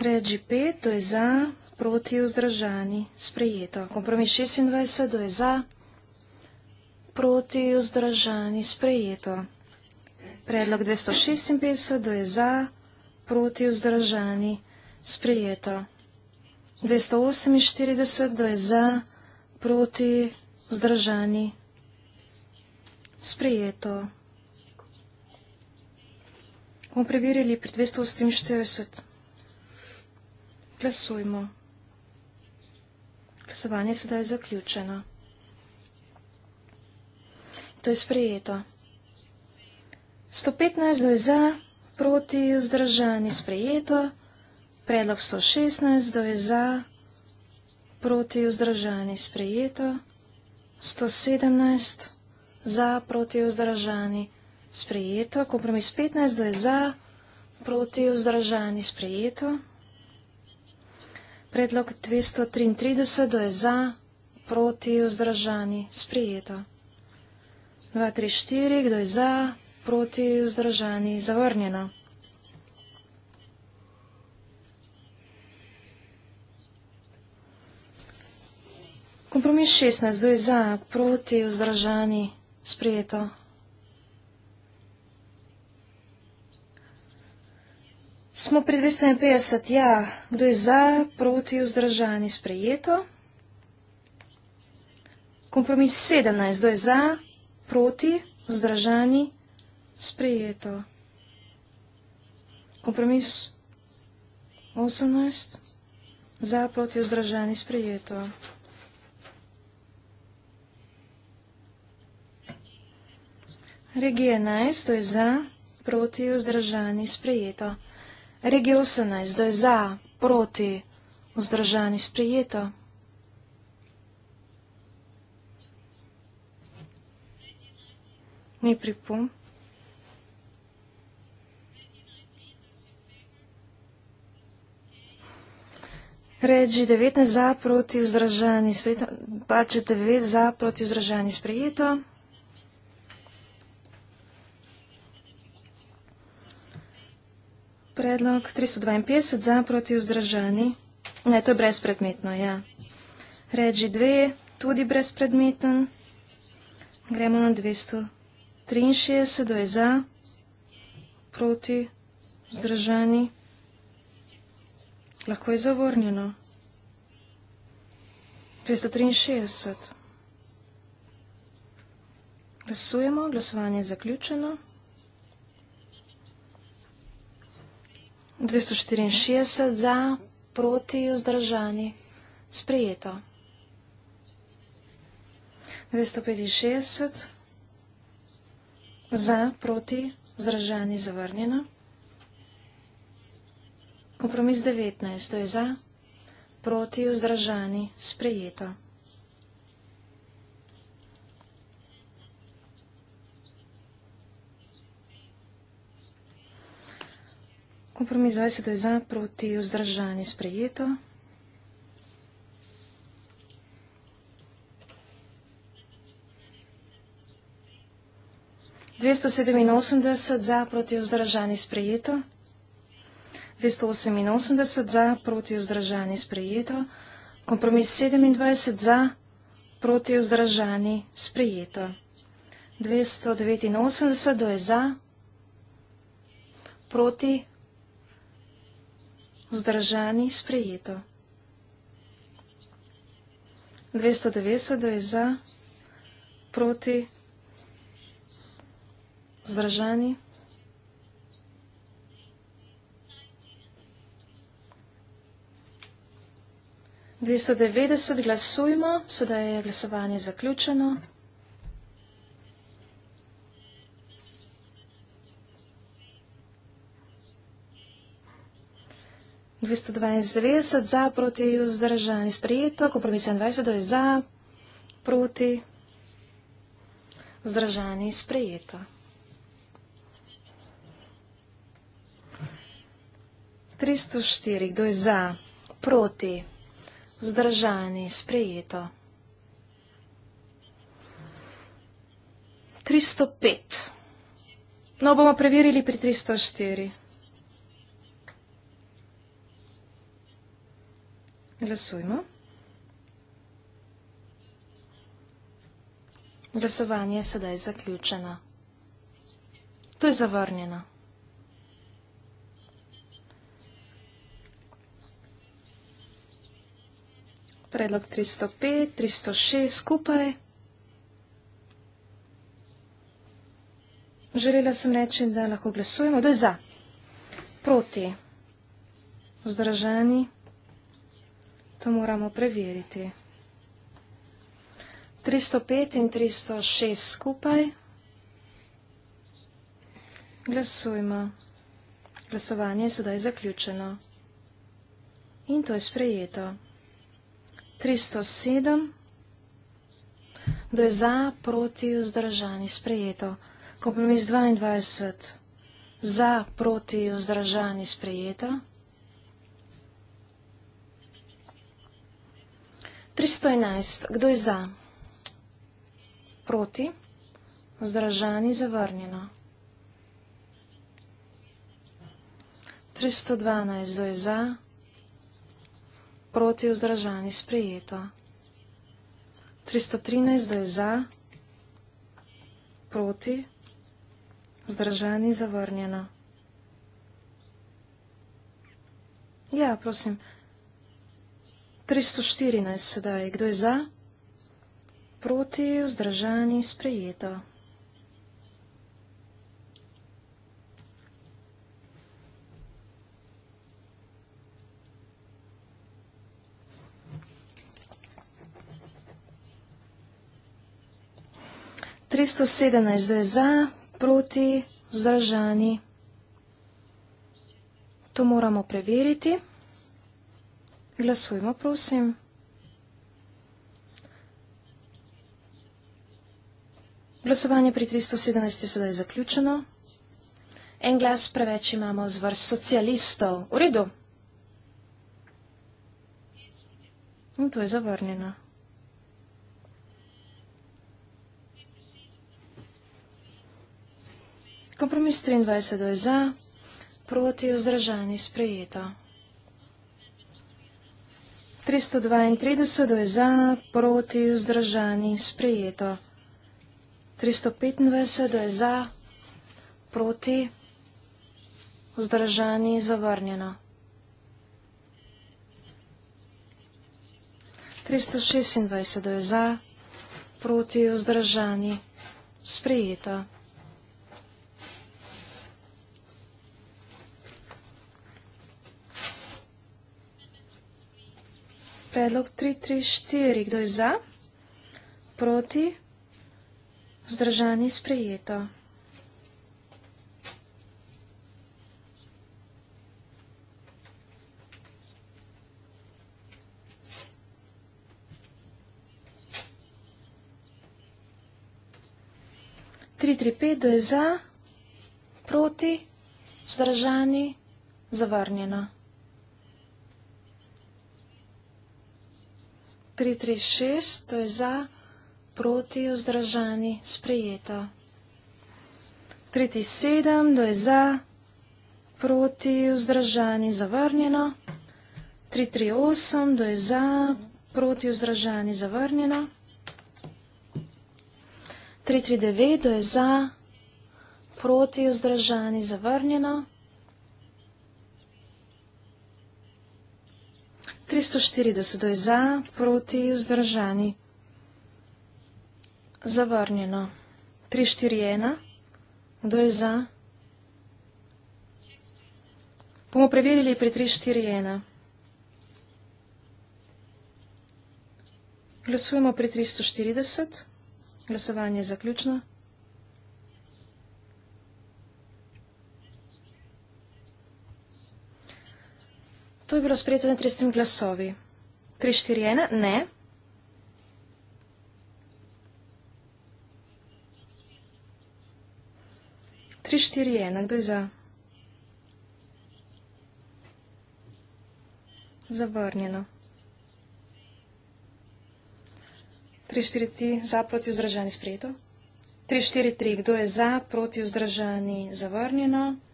Speaker 2: Pred že pet, to je za, proti vzdržani, sprejeto. Kompromis 26, to je za, proti vzdržani, sprejeto. Predlog 256, to je za, proti vzdržani, sprejeto. 248, to je za, proti vzdržani, sprejeto. Bomo preverili pri 248. Glasujmo. Glasovanje sedaj je zaključeno. To je sprejeto. 115 je za, proti, vzdržani, sprejeto. Predlog 116 je za, proti, vzdržani, sprejeto. 117 za, proti, vzdržani, sprejeto. Kompromis 15 je za, proti, vzdržani, sprejeto. Predlog 233, do je za, proti, vzdržani, sprijeto. 234, kdo je za, proti, vzdržani, zavrnjeno. Kompromis 16, kdo je za, proti, vzdržani, sprijeto. Smo pri 250, ja, kdo je za, proti, vzdržani, sprejeto. Kompromis 17, kdo je za, proti, vzdržani, sprejeto. Kompromis 18, za, proti, vzdržani, sprejeto. Regija 11, kdo je za, proti, vzdržani, sprejeto. Regi 18, zdaj za, proti, vzdržani sprijeto. Ni pripom. Regi 19, za, proti, vzdržani sprijeto. Pače 9, za, proti, vzdržani sprijeto. predlog 352 za proti vzdržani. Ne, to je brezpredmetno, ja. Reči dve, tudi brezpredmeten. Gremo na 263, to je za proti vzdržani. Lahko je zavornjeno. 263. Glasujemo, glasovanje je zaključeno. 264 za, proti vzdržani. Sprijeto. 265 za, proti vzdržani. Zavrnjeno. Kompromis 19 je za, proti vzdržani. Sprijeto. 265 za, proti vzdržani. Kompromis 20 je za, proti vzdržanje sprejeto. Dvesto sedeminosemdeset za proti vzdržani sprejeto, dvesto oseminosemdeset za proti vzdržani sprejeto, kompromis sedemindvajset za proti vzdržani sprejeto, dvesto devetinosemdeset do je za proti zdržani, sprejeto. 290 je za, proti, zdržani. 290 glasujmo, sedaj je glasovanje zaključeno. 292 za, proti vzdržani sprejeto, kompromis 21, to je za, proti vzdržani sprejeto. Tristo štiri, kdo je za, proti, zdržani, sprejeto. Tristo pet. No, bomo preverili pri tristo štiri. Glasujmo. Glasovanje je sedaj zaključeno. To je zavrnjeno. Predlog 305, 306 skupaj. Želela sem reči, da lahko glasujemo. Da je za. Proti. Zdražani. Zdražani. To moramo preveriti. 305 in 306 skupaj. Glasujmo. Glasovanje je sedaj zaključeno. In to je sprejeto. 307. Kdo je za, proti, vzdržani? Sprejeto. Kompromis 22. Za, proti, vzdržani? Sprejeto. 311. Kdo je za? Proti? Zdražani zavrnjeno. 312. Kdo je za? Proti vzdražani sprejeto. 313. Kdo je za? Proti vzdražani zavrnjeno. Ja, prosim. 313. 314 sedaj. Kdo je za? Proti, vzdržani, sprejeto. Tristo sedemnaest, da je za, proti, vzdržani. To moramo preveriti. Glasujmo, prosim. Glasovanje pri 317 je sedaj zaključeno. En glas preveč imamo z vrst socialistov. V redu. In no, to je zavrnjeno. Kompromis 23 je za, proti vzdržani sprejeto. 332 je za, proti, vzdržani, sprejeto. 325 je za, proti, vzdržani, zavrnjeno. 326 je za, proti, vzdržani, sprejeto. predlog 334. Kdo je za? Proti? Vzdržani sprejeto. Tri, tri, pet, da je za, proti, zdržani, zavrnjeno. 336, to je za, proti, vzdržani, sprejeto. 37, to je za, proti, vzdržani, zavrnjeno. 338, to je za, proti, vzdržani, zavrnjeno. 339, to je za, proti, vzdržani, zavrnjeno. 339, 340 za, proti, vzdržani. Zavrnjeno. 341. Kdo je za? Bomo preverili pri 341. Glasujemo pri 340. Glasovanje je zaključno. je bilo sprejeto na 300 glasovi. 341, ne. Tri, štiri, ena. Kdo je za? Zavrnjeno. Tri, štiri, tri, za, proti, vzdržani, sprejeto. Tri, štiri, tri, kdo je za, proti, vzdržani, zavrnjeno. Zavrnjeno.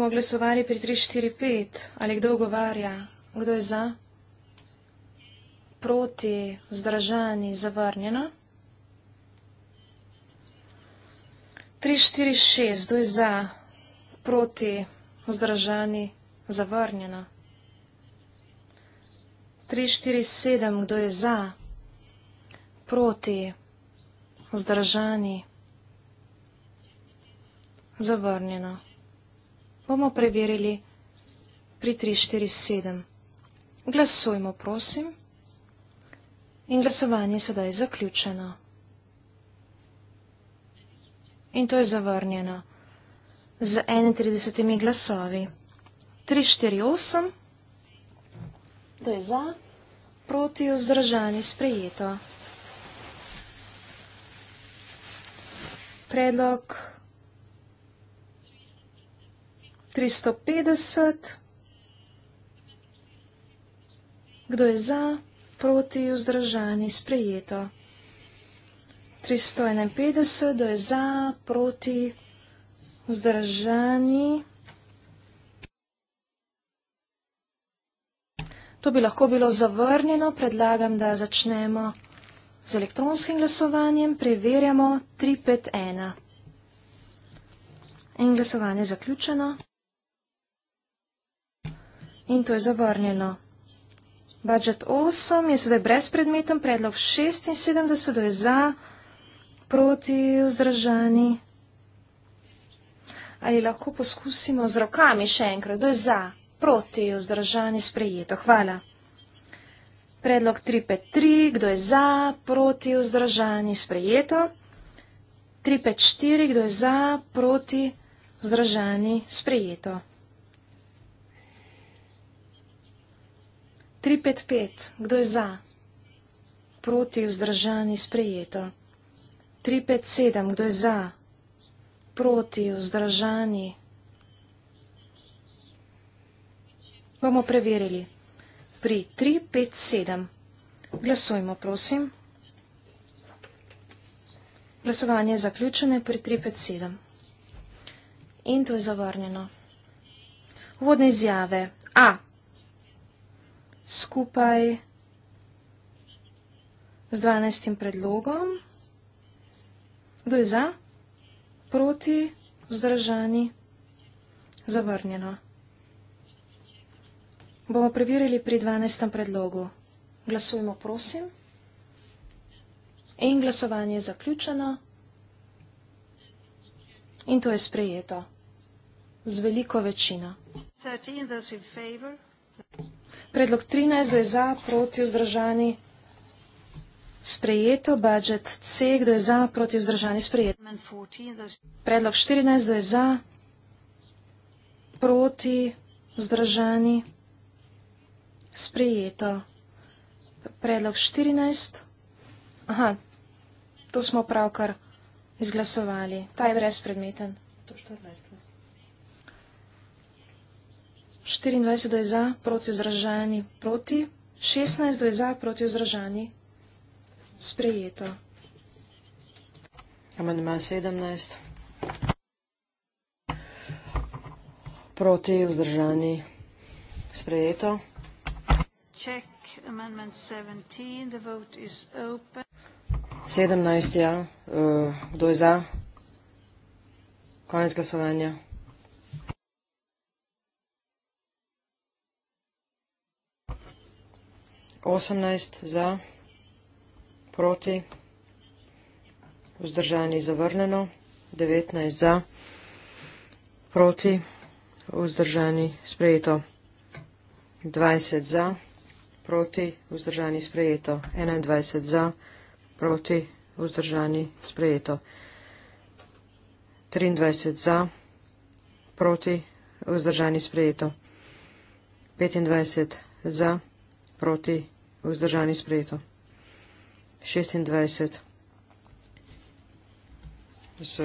Speaker 2: bomo glasovali pri 345. Ali kdo ogovarja? Kdo je za? Proti, zdržani, zavrnjeno. 346. Kdo je za? Proti, zdržani, zavrnjeno. 347. Kdo je za? Proti, zdržani, zavrnjeno bomo preverili pri 347. Glasujmo, prosim. In glasovanje je sedaj zaključeno. In to je zavrnjeno z 31 glasovi. 348, to je za, proti vzdržani sprejeto. Predlog 350. Kdo je za, proti, vzdržani, sprejeto? 351, kdo je za, proti, vzdržani. To bi lahko bilo zavrnjeno, predlagam, da začnemo z elektronskim glasovanjem, preverjamo 351. In glasovanje zaključeno in to je zavrnjeno. Budžet 8 je sedaj brezpredmeten, predlog 76 je za, proti, vzdržani. Ali lahko poskusimo z rokami še enkrat, kdo je za, proti, vzdržani, sprejeto. Hvala. Predlog 353, kdo je za, proti, vzdržani, sprejeto. 354, kdo je za, proti, vzdržani, sprejeto. 355, kdo je za? Proti, vzdržani, sprejeto. 357, kdo je za? Proti, vzdržani. Bomo preverili. Pri 357. Glasujmo, prosim. Glasovanje je zaključeno pri 357. In to je zavrnjeno. Vodne izjave. A skupaj z 12. predlogom. Kdo je za? Proti? Vzdržani? Zavrnjeno. Bomo preverili pri 12. predlogu. Glasujmo, prosim. In glasovanje je zaključeno. In to je sprejeto. Z veliko večino.
Speaker 3: 13 those in favor.
Speaker 2: 13. Predlog 13, kdo je za, proti vzdržani, sprejeto. Budget C, kdo je za, proti vzdržani, sprejeto. Predlog 14, kdo je za, proti vzdržani, sprejeto. Predlog 14, aha, to smo pravkar izglasovali. Ta je brezpredmeten. To 14. 24 do je za, proti vzdržani, proti, 16 do je za, proti vzdržani, sprejeto. Amandma
Speaker 4: 17. Proti vzdržani, sprejeto.
Speaker 3: Check amendment 17, the vote is open.
Speaker 4: 17, ja. Eh, kdo je za? Konec glasovanja. 18 za, proti, vzdržani zavrnjeno, 19 za, proti, vzdržani sprejeto, 20 za, proti, vzdržani sprejeto, 21 za, proti, vzdržani sprejeto, 23 za, proti, vzdržani sprejeto, 25 za, proti, proti vzdržani sprejeto. 26 z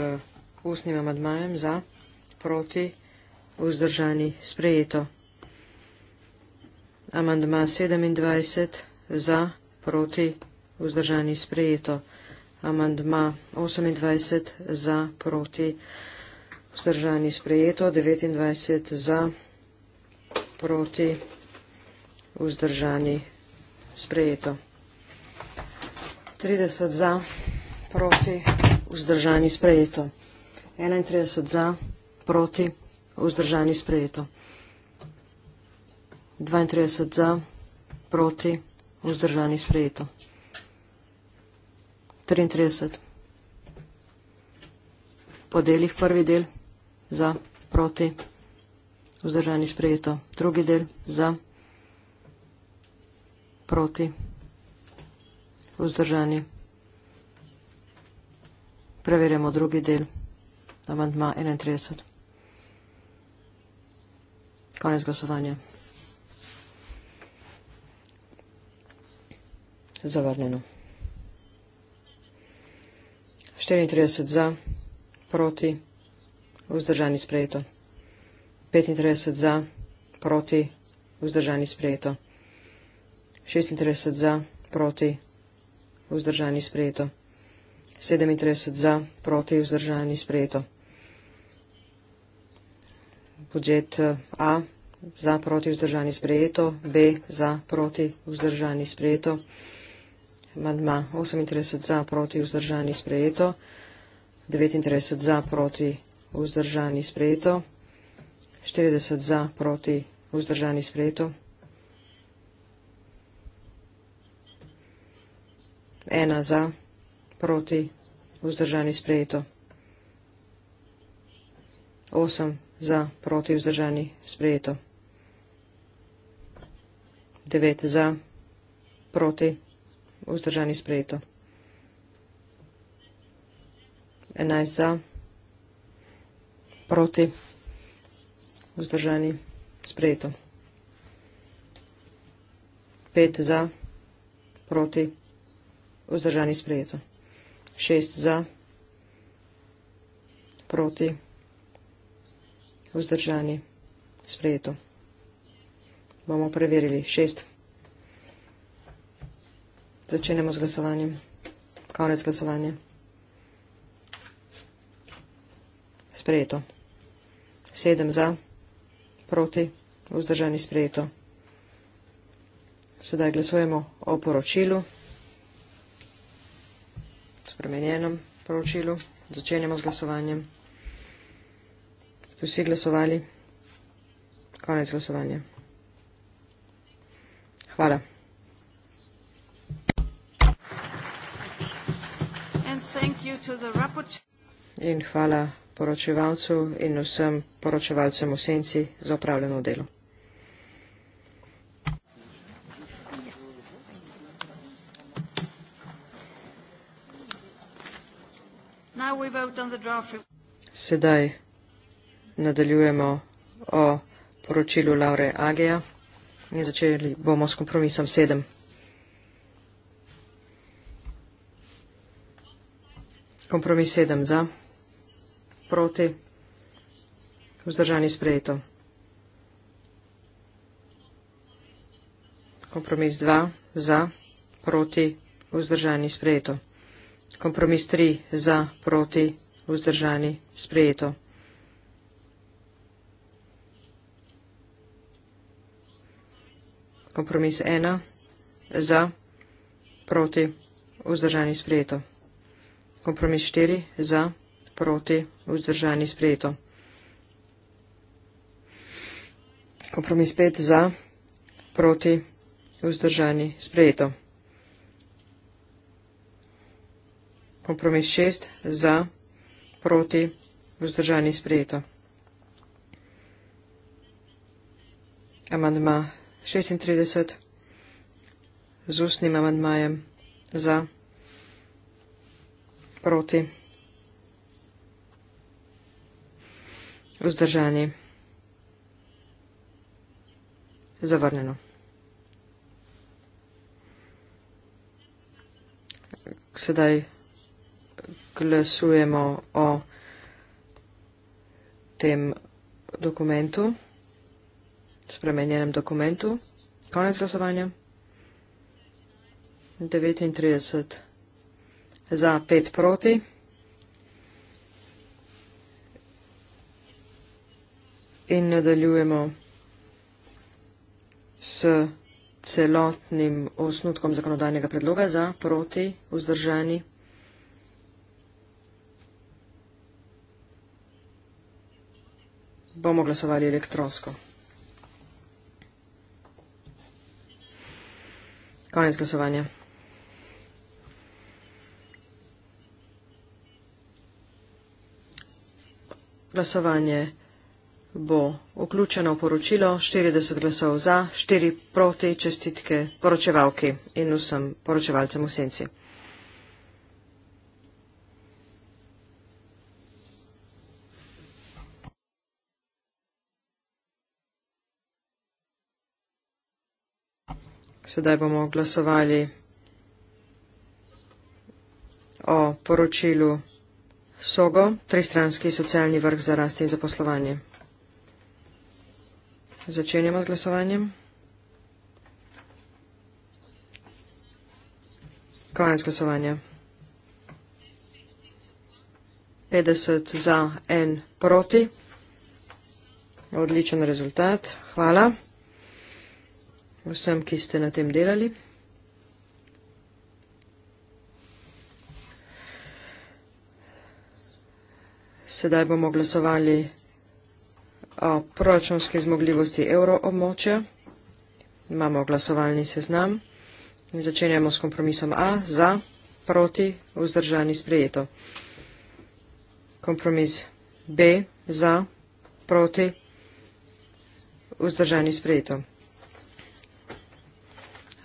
Speaker 4: ustnim amadmajem za proti vzdržani sprejeto. Amandma 27 za proti vzdržani sprejeto. Amandma 28 za proti vzdržani sprejeto. 29 za proti vzdržani sprejeto vzdržani, sprejeto. 30 za, proti, vzdržani, sprejeto. 31 za, proti, vzdržani, sprejeto. 32 za, proti, vzdržani, sprejeto. 33. Podeljih prvi del, za, proti, vzdržani, sprejeto. Drugi del, za, proti. Proti. Vzdržani. Preverjamo drugi del. Amantma 31. Konec glasovanja. Zavrneno. 34 za, proti, vzdržani sprejeto. 35 za, proti, vzdržani sprejeto. 36 za, proti, vzdržani sprejeto. 37 za, proti, vzdržani sprejeto. Budžet A, za, proti, vzdržani sprejeto. B, za, proti, vzdržani sprejeto. Madma 38 za, proti, vzdržani sprejeto. 39 za, proti, vzdržani sprejeto. 40 za, proti, vzdržani sprejeto. ena za, proti, vzdržani sprejeto. Osem za, proti, vzdržani sprejeto. Devet za, proti, vzdržani sprejeto. Enajst za, proti, vzdržani sprejeto. Pet za, proti, vzdržani sprejeto vzdržani sprejeto. Šest za, proti, vzdržani sprejeto. Bomo preverili. Šest. Začenemo z glasovanjem. Konec glasovanja. Sprejeto. Sedem za, proti, vzdržani sprejeto. Sedaj glasujemo o poročilu spremenjenem poročilu. Začenjamo z glasovanjem. Vsi glasovali. Konec glasovanja. Hvala. In hvala poročevalcu in vsem poročevalcem v senci za upravljeno delo. Sedaj nadaljujemo o poročilu Laure Agea in začeli bomo s kompromisom sedem. Kompromis sedem za, proti, vzdržani sprejeto. Kompromis dva za, proti, vzdržani sprejeto kompromis 3 za proti vzdržani sprejeto. Kompromis 1 za proti vzdržani sprejeto. Kompromis 4 za proti vzdržani sprejeto. Kompromis 5 za proti vzdržani sprejeto. kompromis šest za proti vzdržani sprejeto. Amandma 36 z ustnim amandmajem za proti vzdržani zavrnjeno. Sedaj glasujemo o tem dokumentu, spremenjenem dokumentu. Konec glasovanja. 39 za, 5 proti. In nadaljujemo s celotnim osnutkom zakonodajnega predloga za, proti, vzdržani. bomo glasovali elektronsko. Konec glasovanja. Glasovanje bo vključeno v poročilo, 40 glasov za, 4 proti čestitke poročevalki in vsem poročevalcem v senci. Sedaj bomo glasovali o poročilu SOGO, tristranski socialni vrh za rast in zaposlovanje. Začenjamo z glasovanjem. Konec glasovanja. 50 za, 1 proti. Odličen rezultat. Hvala vsem, ki ste na tem delali. Sedaj bomo glasovali o proračunske zmogljivosti evroobmočja. Imamo glasovalni seznam. Začenjamo s kompromisom A za, proti, vzdržani, sprejeto. Kompromis B za, proti, vzdržani, sprejeto.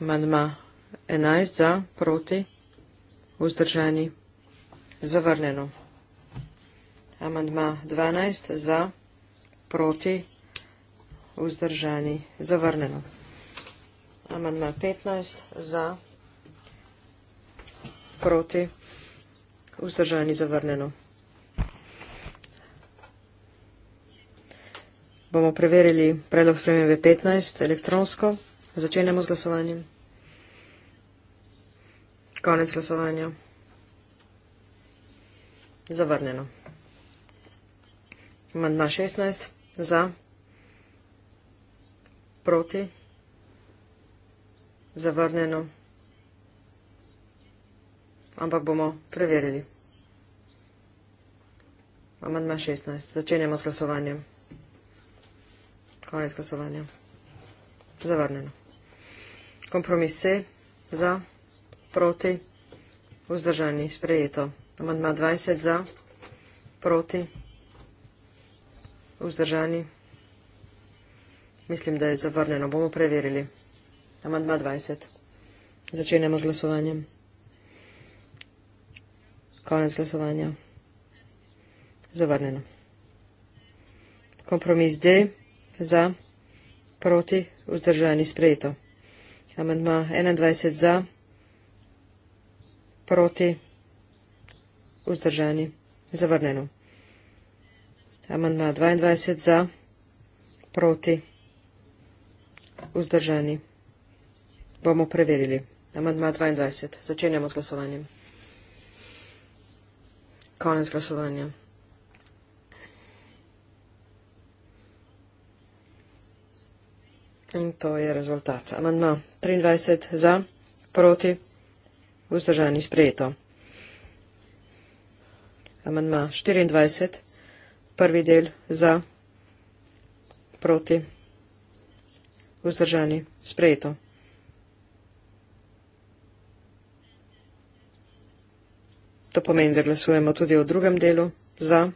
Speaker 4: Amandma 11 za, proti, vzdržani, zavrnjeno. Amandma 12 za, proti, vzdržani, zavrnjeno. Amandma 15 za, proti, vzdržani, zavrnjeno. Bomo preverili predlog spremembe 15 elektronsko. Začenjamo z glasovanjem. Konec glasovanja. Zavrnjeno. Mandma 16. Za. Proti. Zavrnjeno. Ampak bomo preverili. Mandma 16. Začenjamo s glasovanjem. Konec glasovanja. Zavrnjeno. Kompromis C. Za. Proti proti, vzdržani, sprejeto. Amandma 20 za, proti, vzdržani. Mislim, da je zavrnjeno. Bomo preverili. Amandma 20. Začenjamo z glasovanjem. Konec glasovanja. Zavrnjeno. Kompromis D. Za. Proti. Vzdržani. Sprejeto. Amandma 21. Za proti, vzdržani, zavrnjeno. Amandma 22 za, proti, vzdržani. Bomo preverili. Amandma 22. Začenjamo z glasovanjem. Konec glasovanja. In to je rezultat. Amandma 23 za, proti, vzdržani vzdržani sprejeto. Amandma 24, prvi del za, proti, vzdržani sprejeto. To pomeni, da glasujemo tudi o drugem delu za,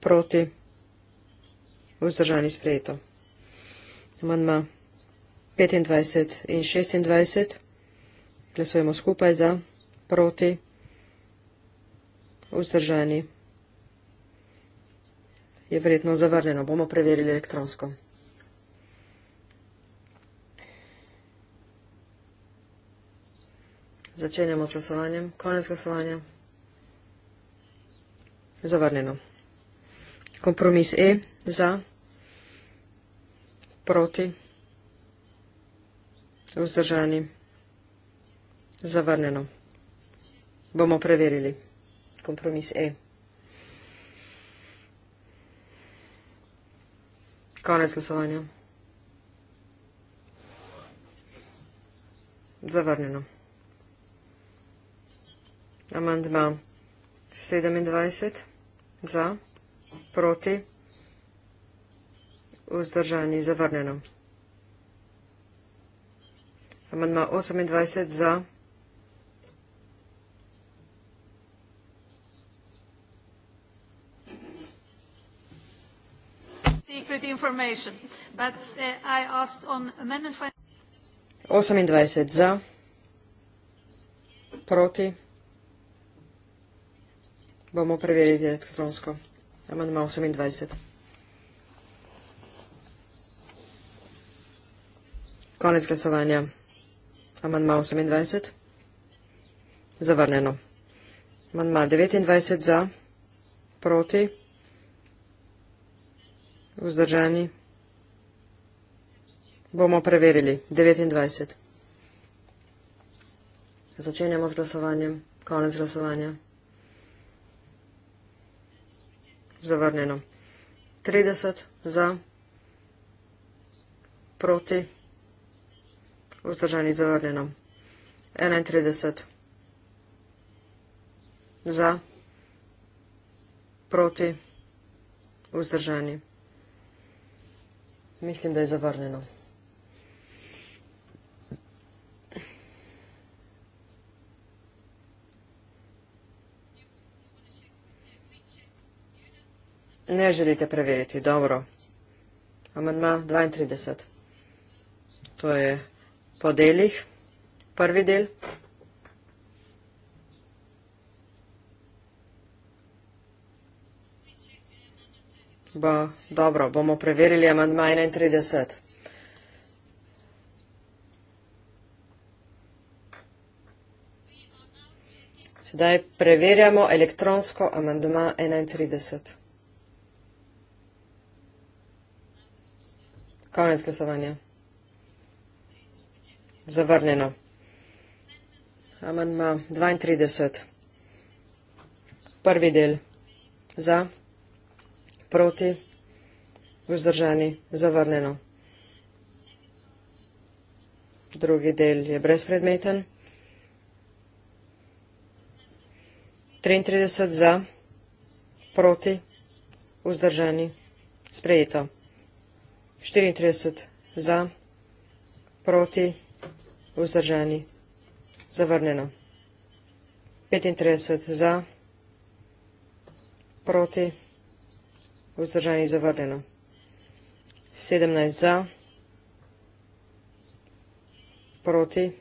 Speaker 4: proti, vzdržani sprejeto. Amandma 25 in 26. Glasujemo skupaj za, proti, vzdržani. Je verjetno zavrnjeno. Bomo preverili elektronsko. Začenjamo s glasovanjem. Konec glasovanja. Zavrnjeno. Kompromis E za, proti, vzdržani. Vzdržani. Zavrnjeno. Bomo preverili. Kompromis E. Konec glasovanja. Zavrnjeno. Amandma 27. Za. Proti. Vzdržani. Zavrnjeno. Amandma 28. Za. Proti.
Speaker 3: information. But uh, I asked on amendment
Speaker 4: 28 za, proti. Bomo preverili elektronsko. Amendment 28. Konec glasovanja. Amendment 28. Zavrnjeno. Amendment 29 za, proti vzdržani. Bomo preverili. 29. Začenjamo z glasovanjem. Konec glasovanja. Zavrnjeno. 30 za, proti, vzdržani zavrnjeno. 31 za, proti, vzdržani. Mislim, da je zavrnjeno. Ne želite preveriti, dobro. Amandma 32. To je po delih, prvi del. Bo, dobro, bomo preverili amandma 31. Sedaj preverjamo elektronsko amandma 31. Konec glasovanja. Zavrnjeno. Amandma 32. Prvi del. Za proti, vzdržani, zavrnjeno. Drugi del je brezpredmeten. 33 za, proti, vzdržani, sprejeto. 34 za, proti, vzdržani, zavrnjeno. 35 za, proti, vzdržani vzdržani zavrljeno. 17 za, proti,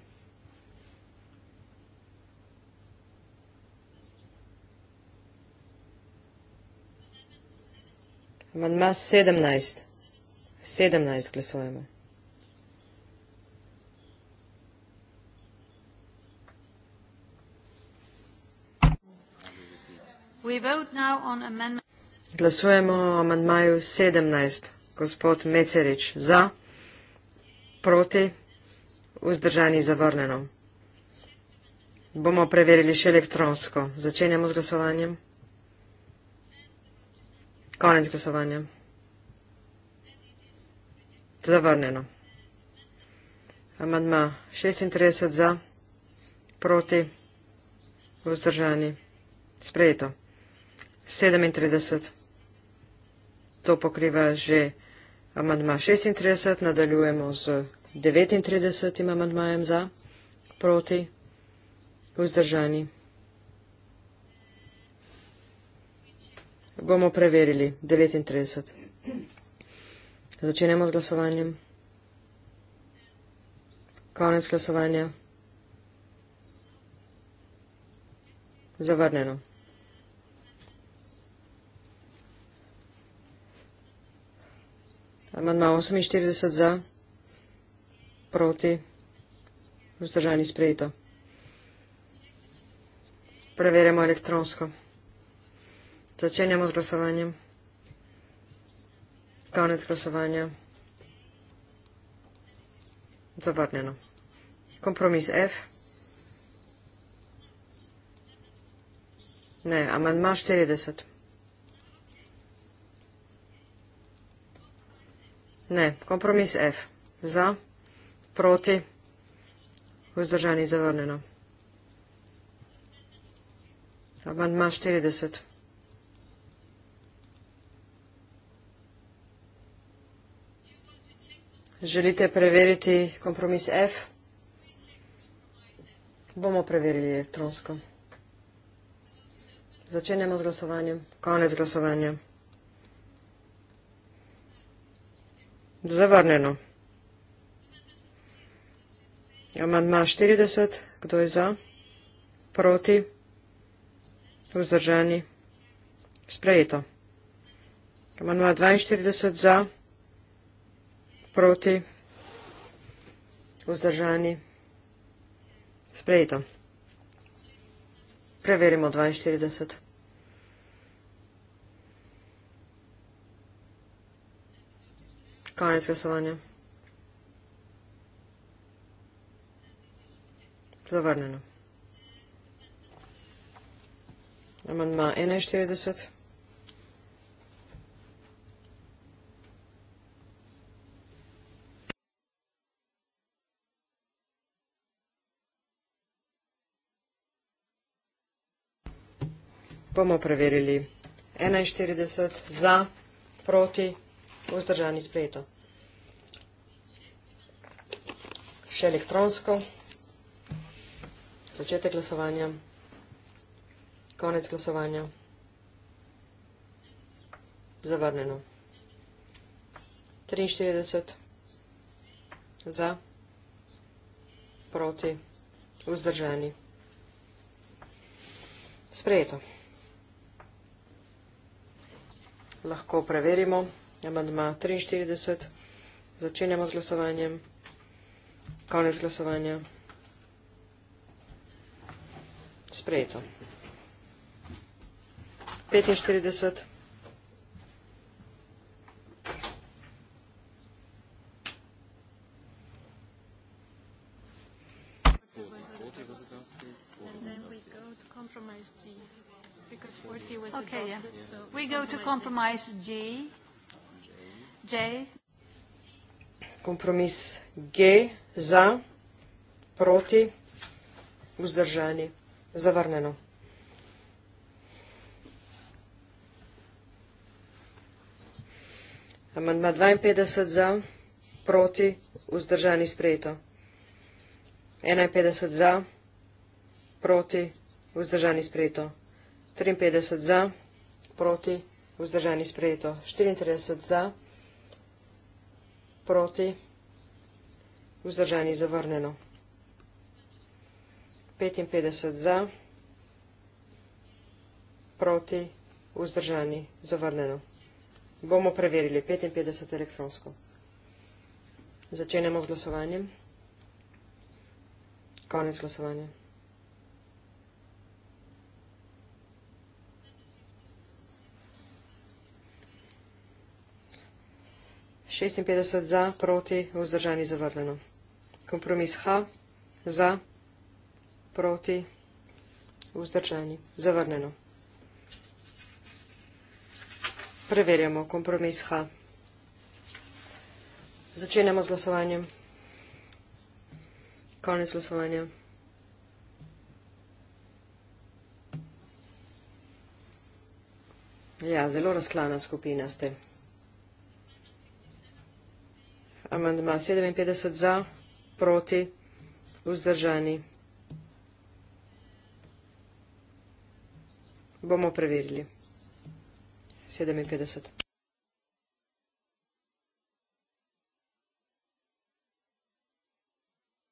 Speaker 4: Amandma 17. 17 glasujemo.
Speaker 3: We vote now on
Speaker 4: Glasujemo o amandmaju 17. Gospod Mecerič, za, proti, vzdržani zavrneno. Bomo preverili še elektronsko. Začenjamo z glasovanjem. Konec glasovanja. Zavrneno. Amandma 36 za, proti, vzdržani, sprejeto. 37 to pokriva že amandma 36, nadaljujemo z 39 amandmajem za, proti, vzdržani. Bomo preverili 39. Začenjamo z glasovanjem. Konec glasovanja. Zavrnjeno. Amandma 48 za, proti, vzdržani sprejeto. Preverjamo elektronsko. Začenjamo z glasovanjem. Konec glasovanja. Zavrnjeno. Kompromis F. Ne, amandma 40. Ne, kompromis F. Za, proti, vzdržani, zavrneno. Abandma 40. Želite preveriti kompromis F? Bomo preverili elektronsko. Začenjamo z glasovanjem. Konec glasovanja. Zavrnjeno. Amandma 40. Kdo je za? Proti? Vzdržani? Sprejeto. Amandma 42. Za? Proti? Vzdržani? Sprejeto. Preverimo 42. Konec glasovanja. Zavrnjeno. Amandma 41. Bomo preverili 41 za, proti 41 vzdržani spletu. Še elektronsko, začetek glasovanja, konec glasovanja, zavrneno. 43 za, proti, vzdržani. Sprejeto. Lahko preverimo amandma 43. Začenjamo z glasovanjem. Konec glasovanja. Sprejeto. 45.
Speaker 2: Okay, yeah.
Speaker 3: So we go to compromise G. J.
Speaker 4: Kompromis G za, proti, vzdržani, zavrneno. Amandma 52 za, proti, vzdržani, sprejeto. 51 za, proti, vzdržani, sprejeto. 53 za, proti, vzdržani, sprejeto. 34 za, proti proti, vzdržani zavrneno. 55 za, proti, vzdržani zavrneno. Bomo preverili 55 elektronsko. Začenemo z glasovanjem. Konec glasovanja. 56 za, proti, vzdržani zavrljeno. Kompromis H, za, proti, vzdržani zavrljeno. Preverjamo kompromis H. Začenjamo z glasovanjem. Konec glasovanja. Ja, zelo razklana skupina ste amandma 57 za, proti, vzdržani. Bomo preverili. 57.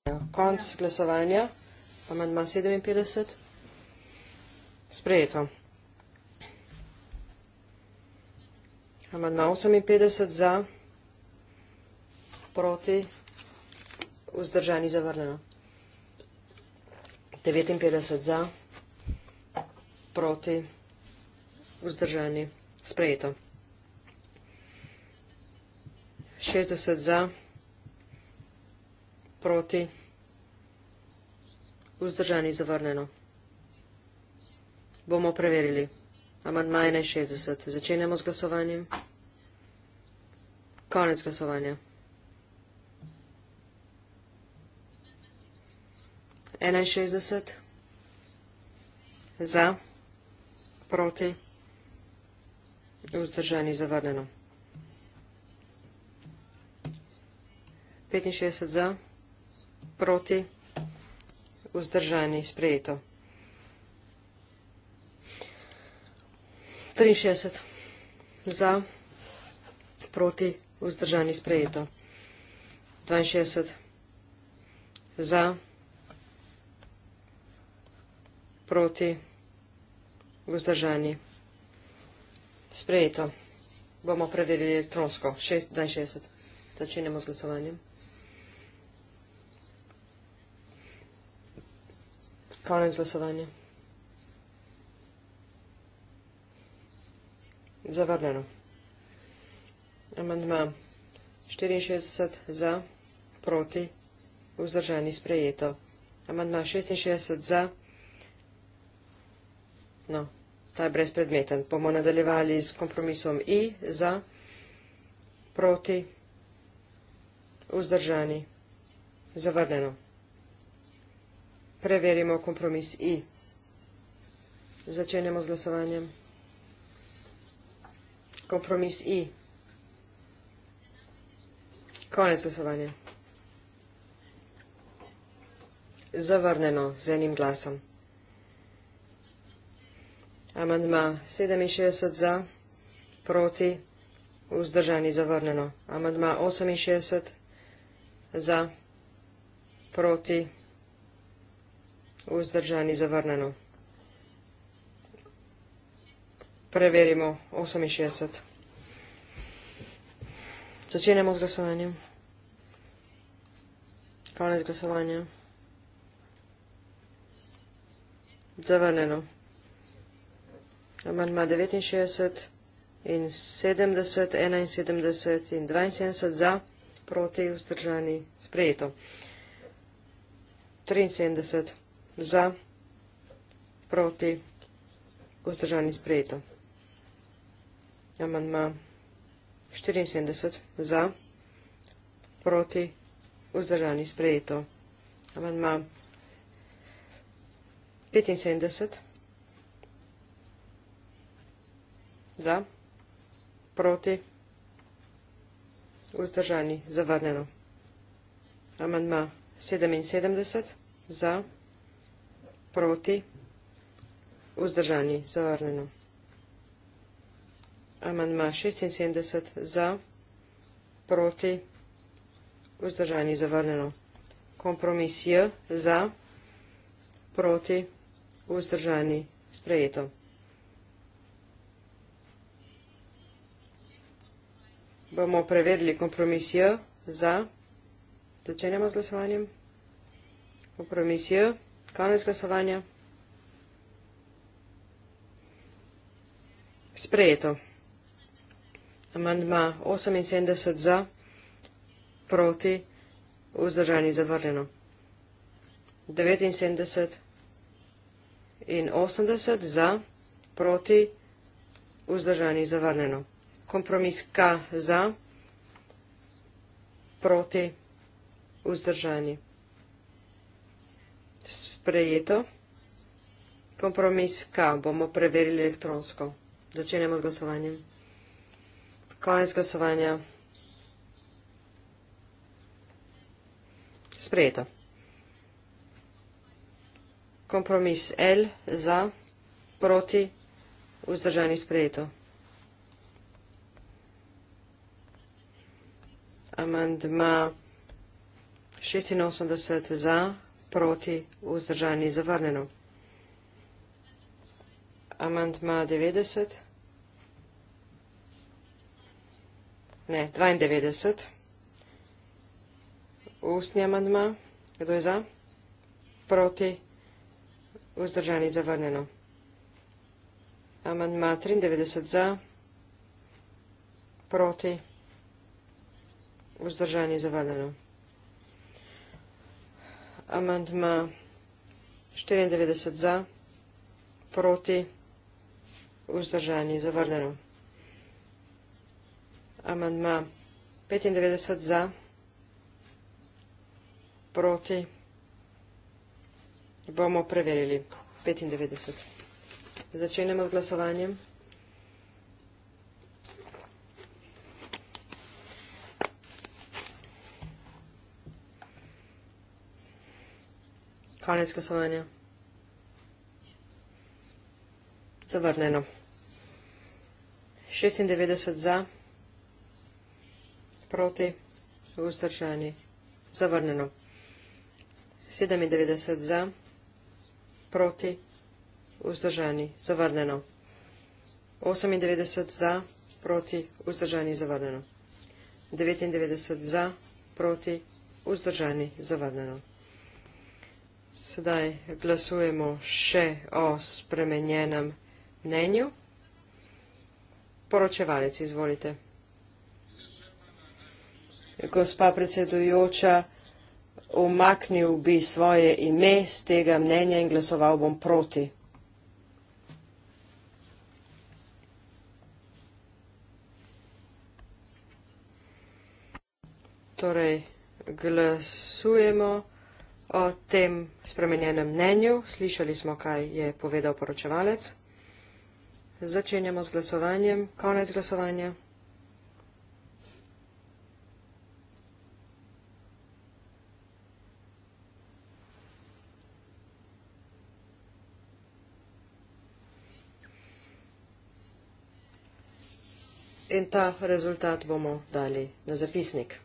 Speaker 4: Ja, Konc glasovanja, amandma 57, sprejeto. Amandma 58 za, proti, vzdržani zavrneno. 59 za, proti, vzdržani sprejeto. 60 za, proti, vzdržani zavrneno. Bomo preverili. Amadmaj naj 60. Začenjamo z glasovanjem. Konec glasovanja. 61 za, proti, vzdržani, zavrneno. 65 za, proti, vzdržani, sprejeto. 63 za, proti, vzdržani, sprejeto. 62 za, proti, vzdržani, sprejeto proti, vzdržani. Sprejeto. Bomo predelili elektronsko, 62. Začenjamo z glasovanjem. Konec glasovanja. Zavrneno. Amandma 64 za, proti, vzdržani sprejeto. Amandma 66 za, proti. No, ta je brezpredmeten. Bomo nadaljevali s kompromisom I za, proti, vzdržani, zavrneno. Preverimo kompromis I. Začenjamo z glasovanjem. Kompromis I. Konec glasovanja. Zavrneno z enim glasom. Amandma 67 za, proti, vzdržani zavrneno. Amandma 68 za, proti, vzdržani zavrneno. Preverimo 68. Začenemo z glasovanjem. Konec glasovanja. Zavrneno amandma 69 in 70, 71 in 72 za, proti vzdržani sprejeto. 73 za, proti vzdržani sprejeto. Amandma 74 za, proti vzdržani sprejeto. Amandma 75 za, proti vzdržani sprejeto. za, proti, vzdržani, zavrnjeno. Amendma 77, za, proti, vzdržani, zavrnjeno. Amendma 76, za, proti, vzdržani, zavrnjeno. Kompromis J, za, proti, vzdržani, sprejeto. bomo preverili kompromis J za. Začenjamo z glasovanjem. Kompromis J, konec glasovanja. Sprejeto. Amandma 78 za, proti, vzdržani zavrljeno. 79 in 80 za, proti, vzdržani zavrljeno kompromis K za, proti, vzdržani. Sprejeto. Kompromis K bomo preverili elektronsko. Začenjamo z glasovanjem. Konec glasovanja. Sprejeto. Kompromis L za, proti, vzdržani sprejeto. amandma 86 za, proti, vzdržani, zavrneno. Amandma 90, ne, 92, ustni amandma, kdo je za, proti, vzdržani, zavrneno. Amandma 93 za, proti, vzdržani, zavrneno vzdržan je zavadeno. Amandma 94 za, proti, vzdržan je zavadeno. Amandma 95 za, proti, bomo preverili 95. Začenemo z glasovanjem. Konec glasovanja. Zavrnjeno. 96 za, proti, vzdržani. Zavrnjeno. 97 za, proti, vzdržani. Zavrnjeno. 98 za, proti, vzdržani. Zavrnjeno. 99 za, proti, vzdržani. Zavrnjeno. 99 za, proti, vzdržani. Zavrnjeno. Sedaj glasujemo še o spremenjenem mnenju. Poročevalec, izvolite. Gospa predsedujoča, umaknil bi svoje ime z tega mnenja in glasoval bom proti. Torej, glasujemo o tem spremenjenem mnenju. Slišali smo, kaj je povedal poročevalec. Začenjamo z glasovanjem. Konec glasovanja. In ta rezultat bomo dali na zapisnik.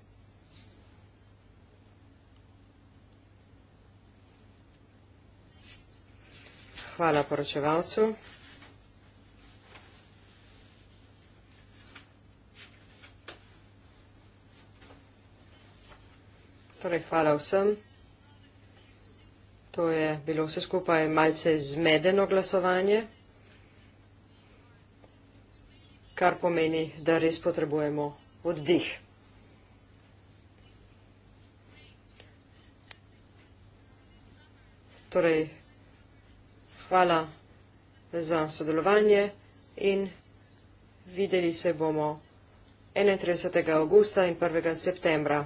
Speaker 4: hvala poročevalcu. Torej, hvala vsem. To je bilo vse skupaj malce zmedeno glasovanje, kar pomeni, da res potrebujemo oddih. Torej, hvala za sodelovanje in videli se bomo 31. augusta in 1. septembra.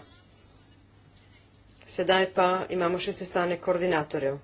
Speaker 4: Sedaj pa imamo še sestanek koordinatorjev.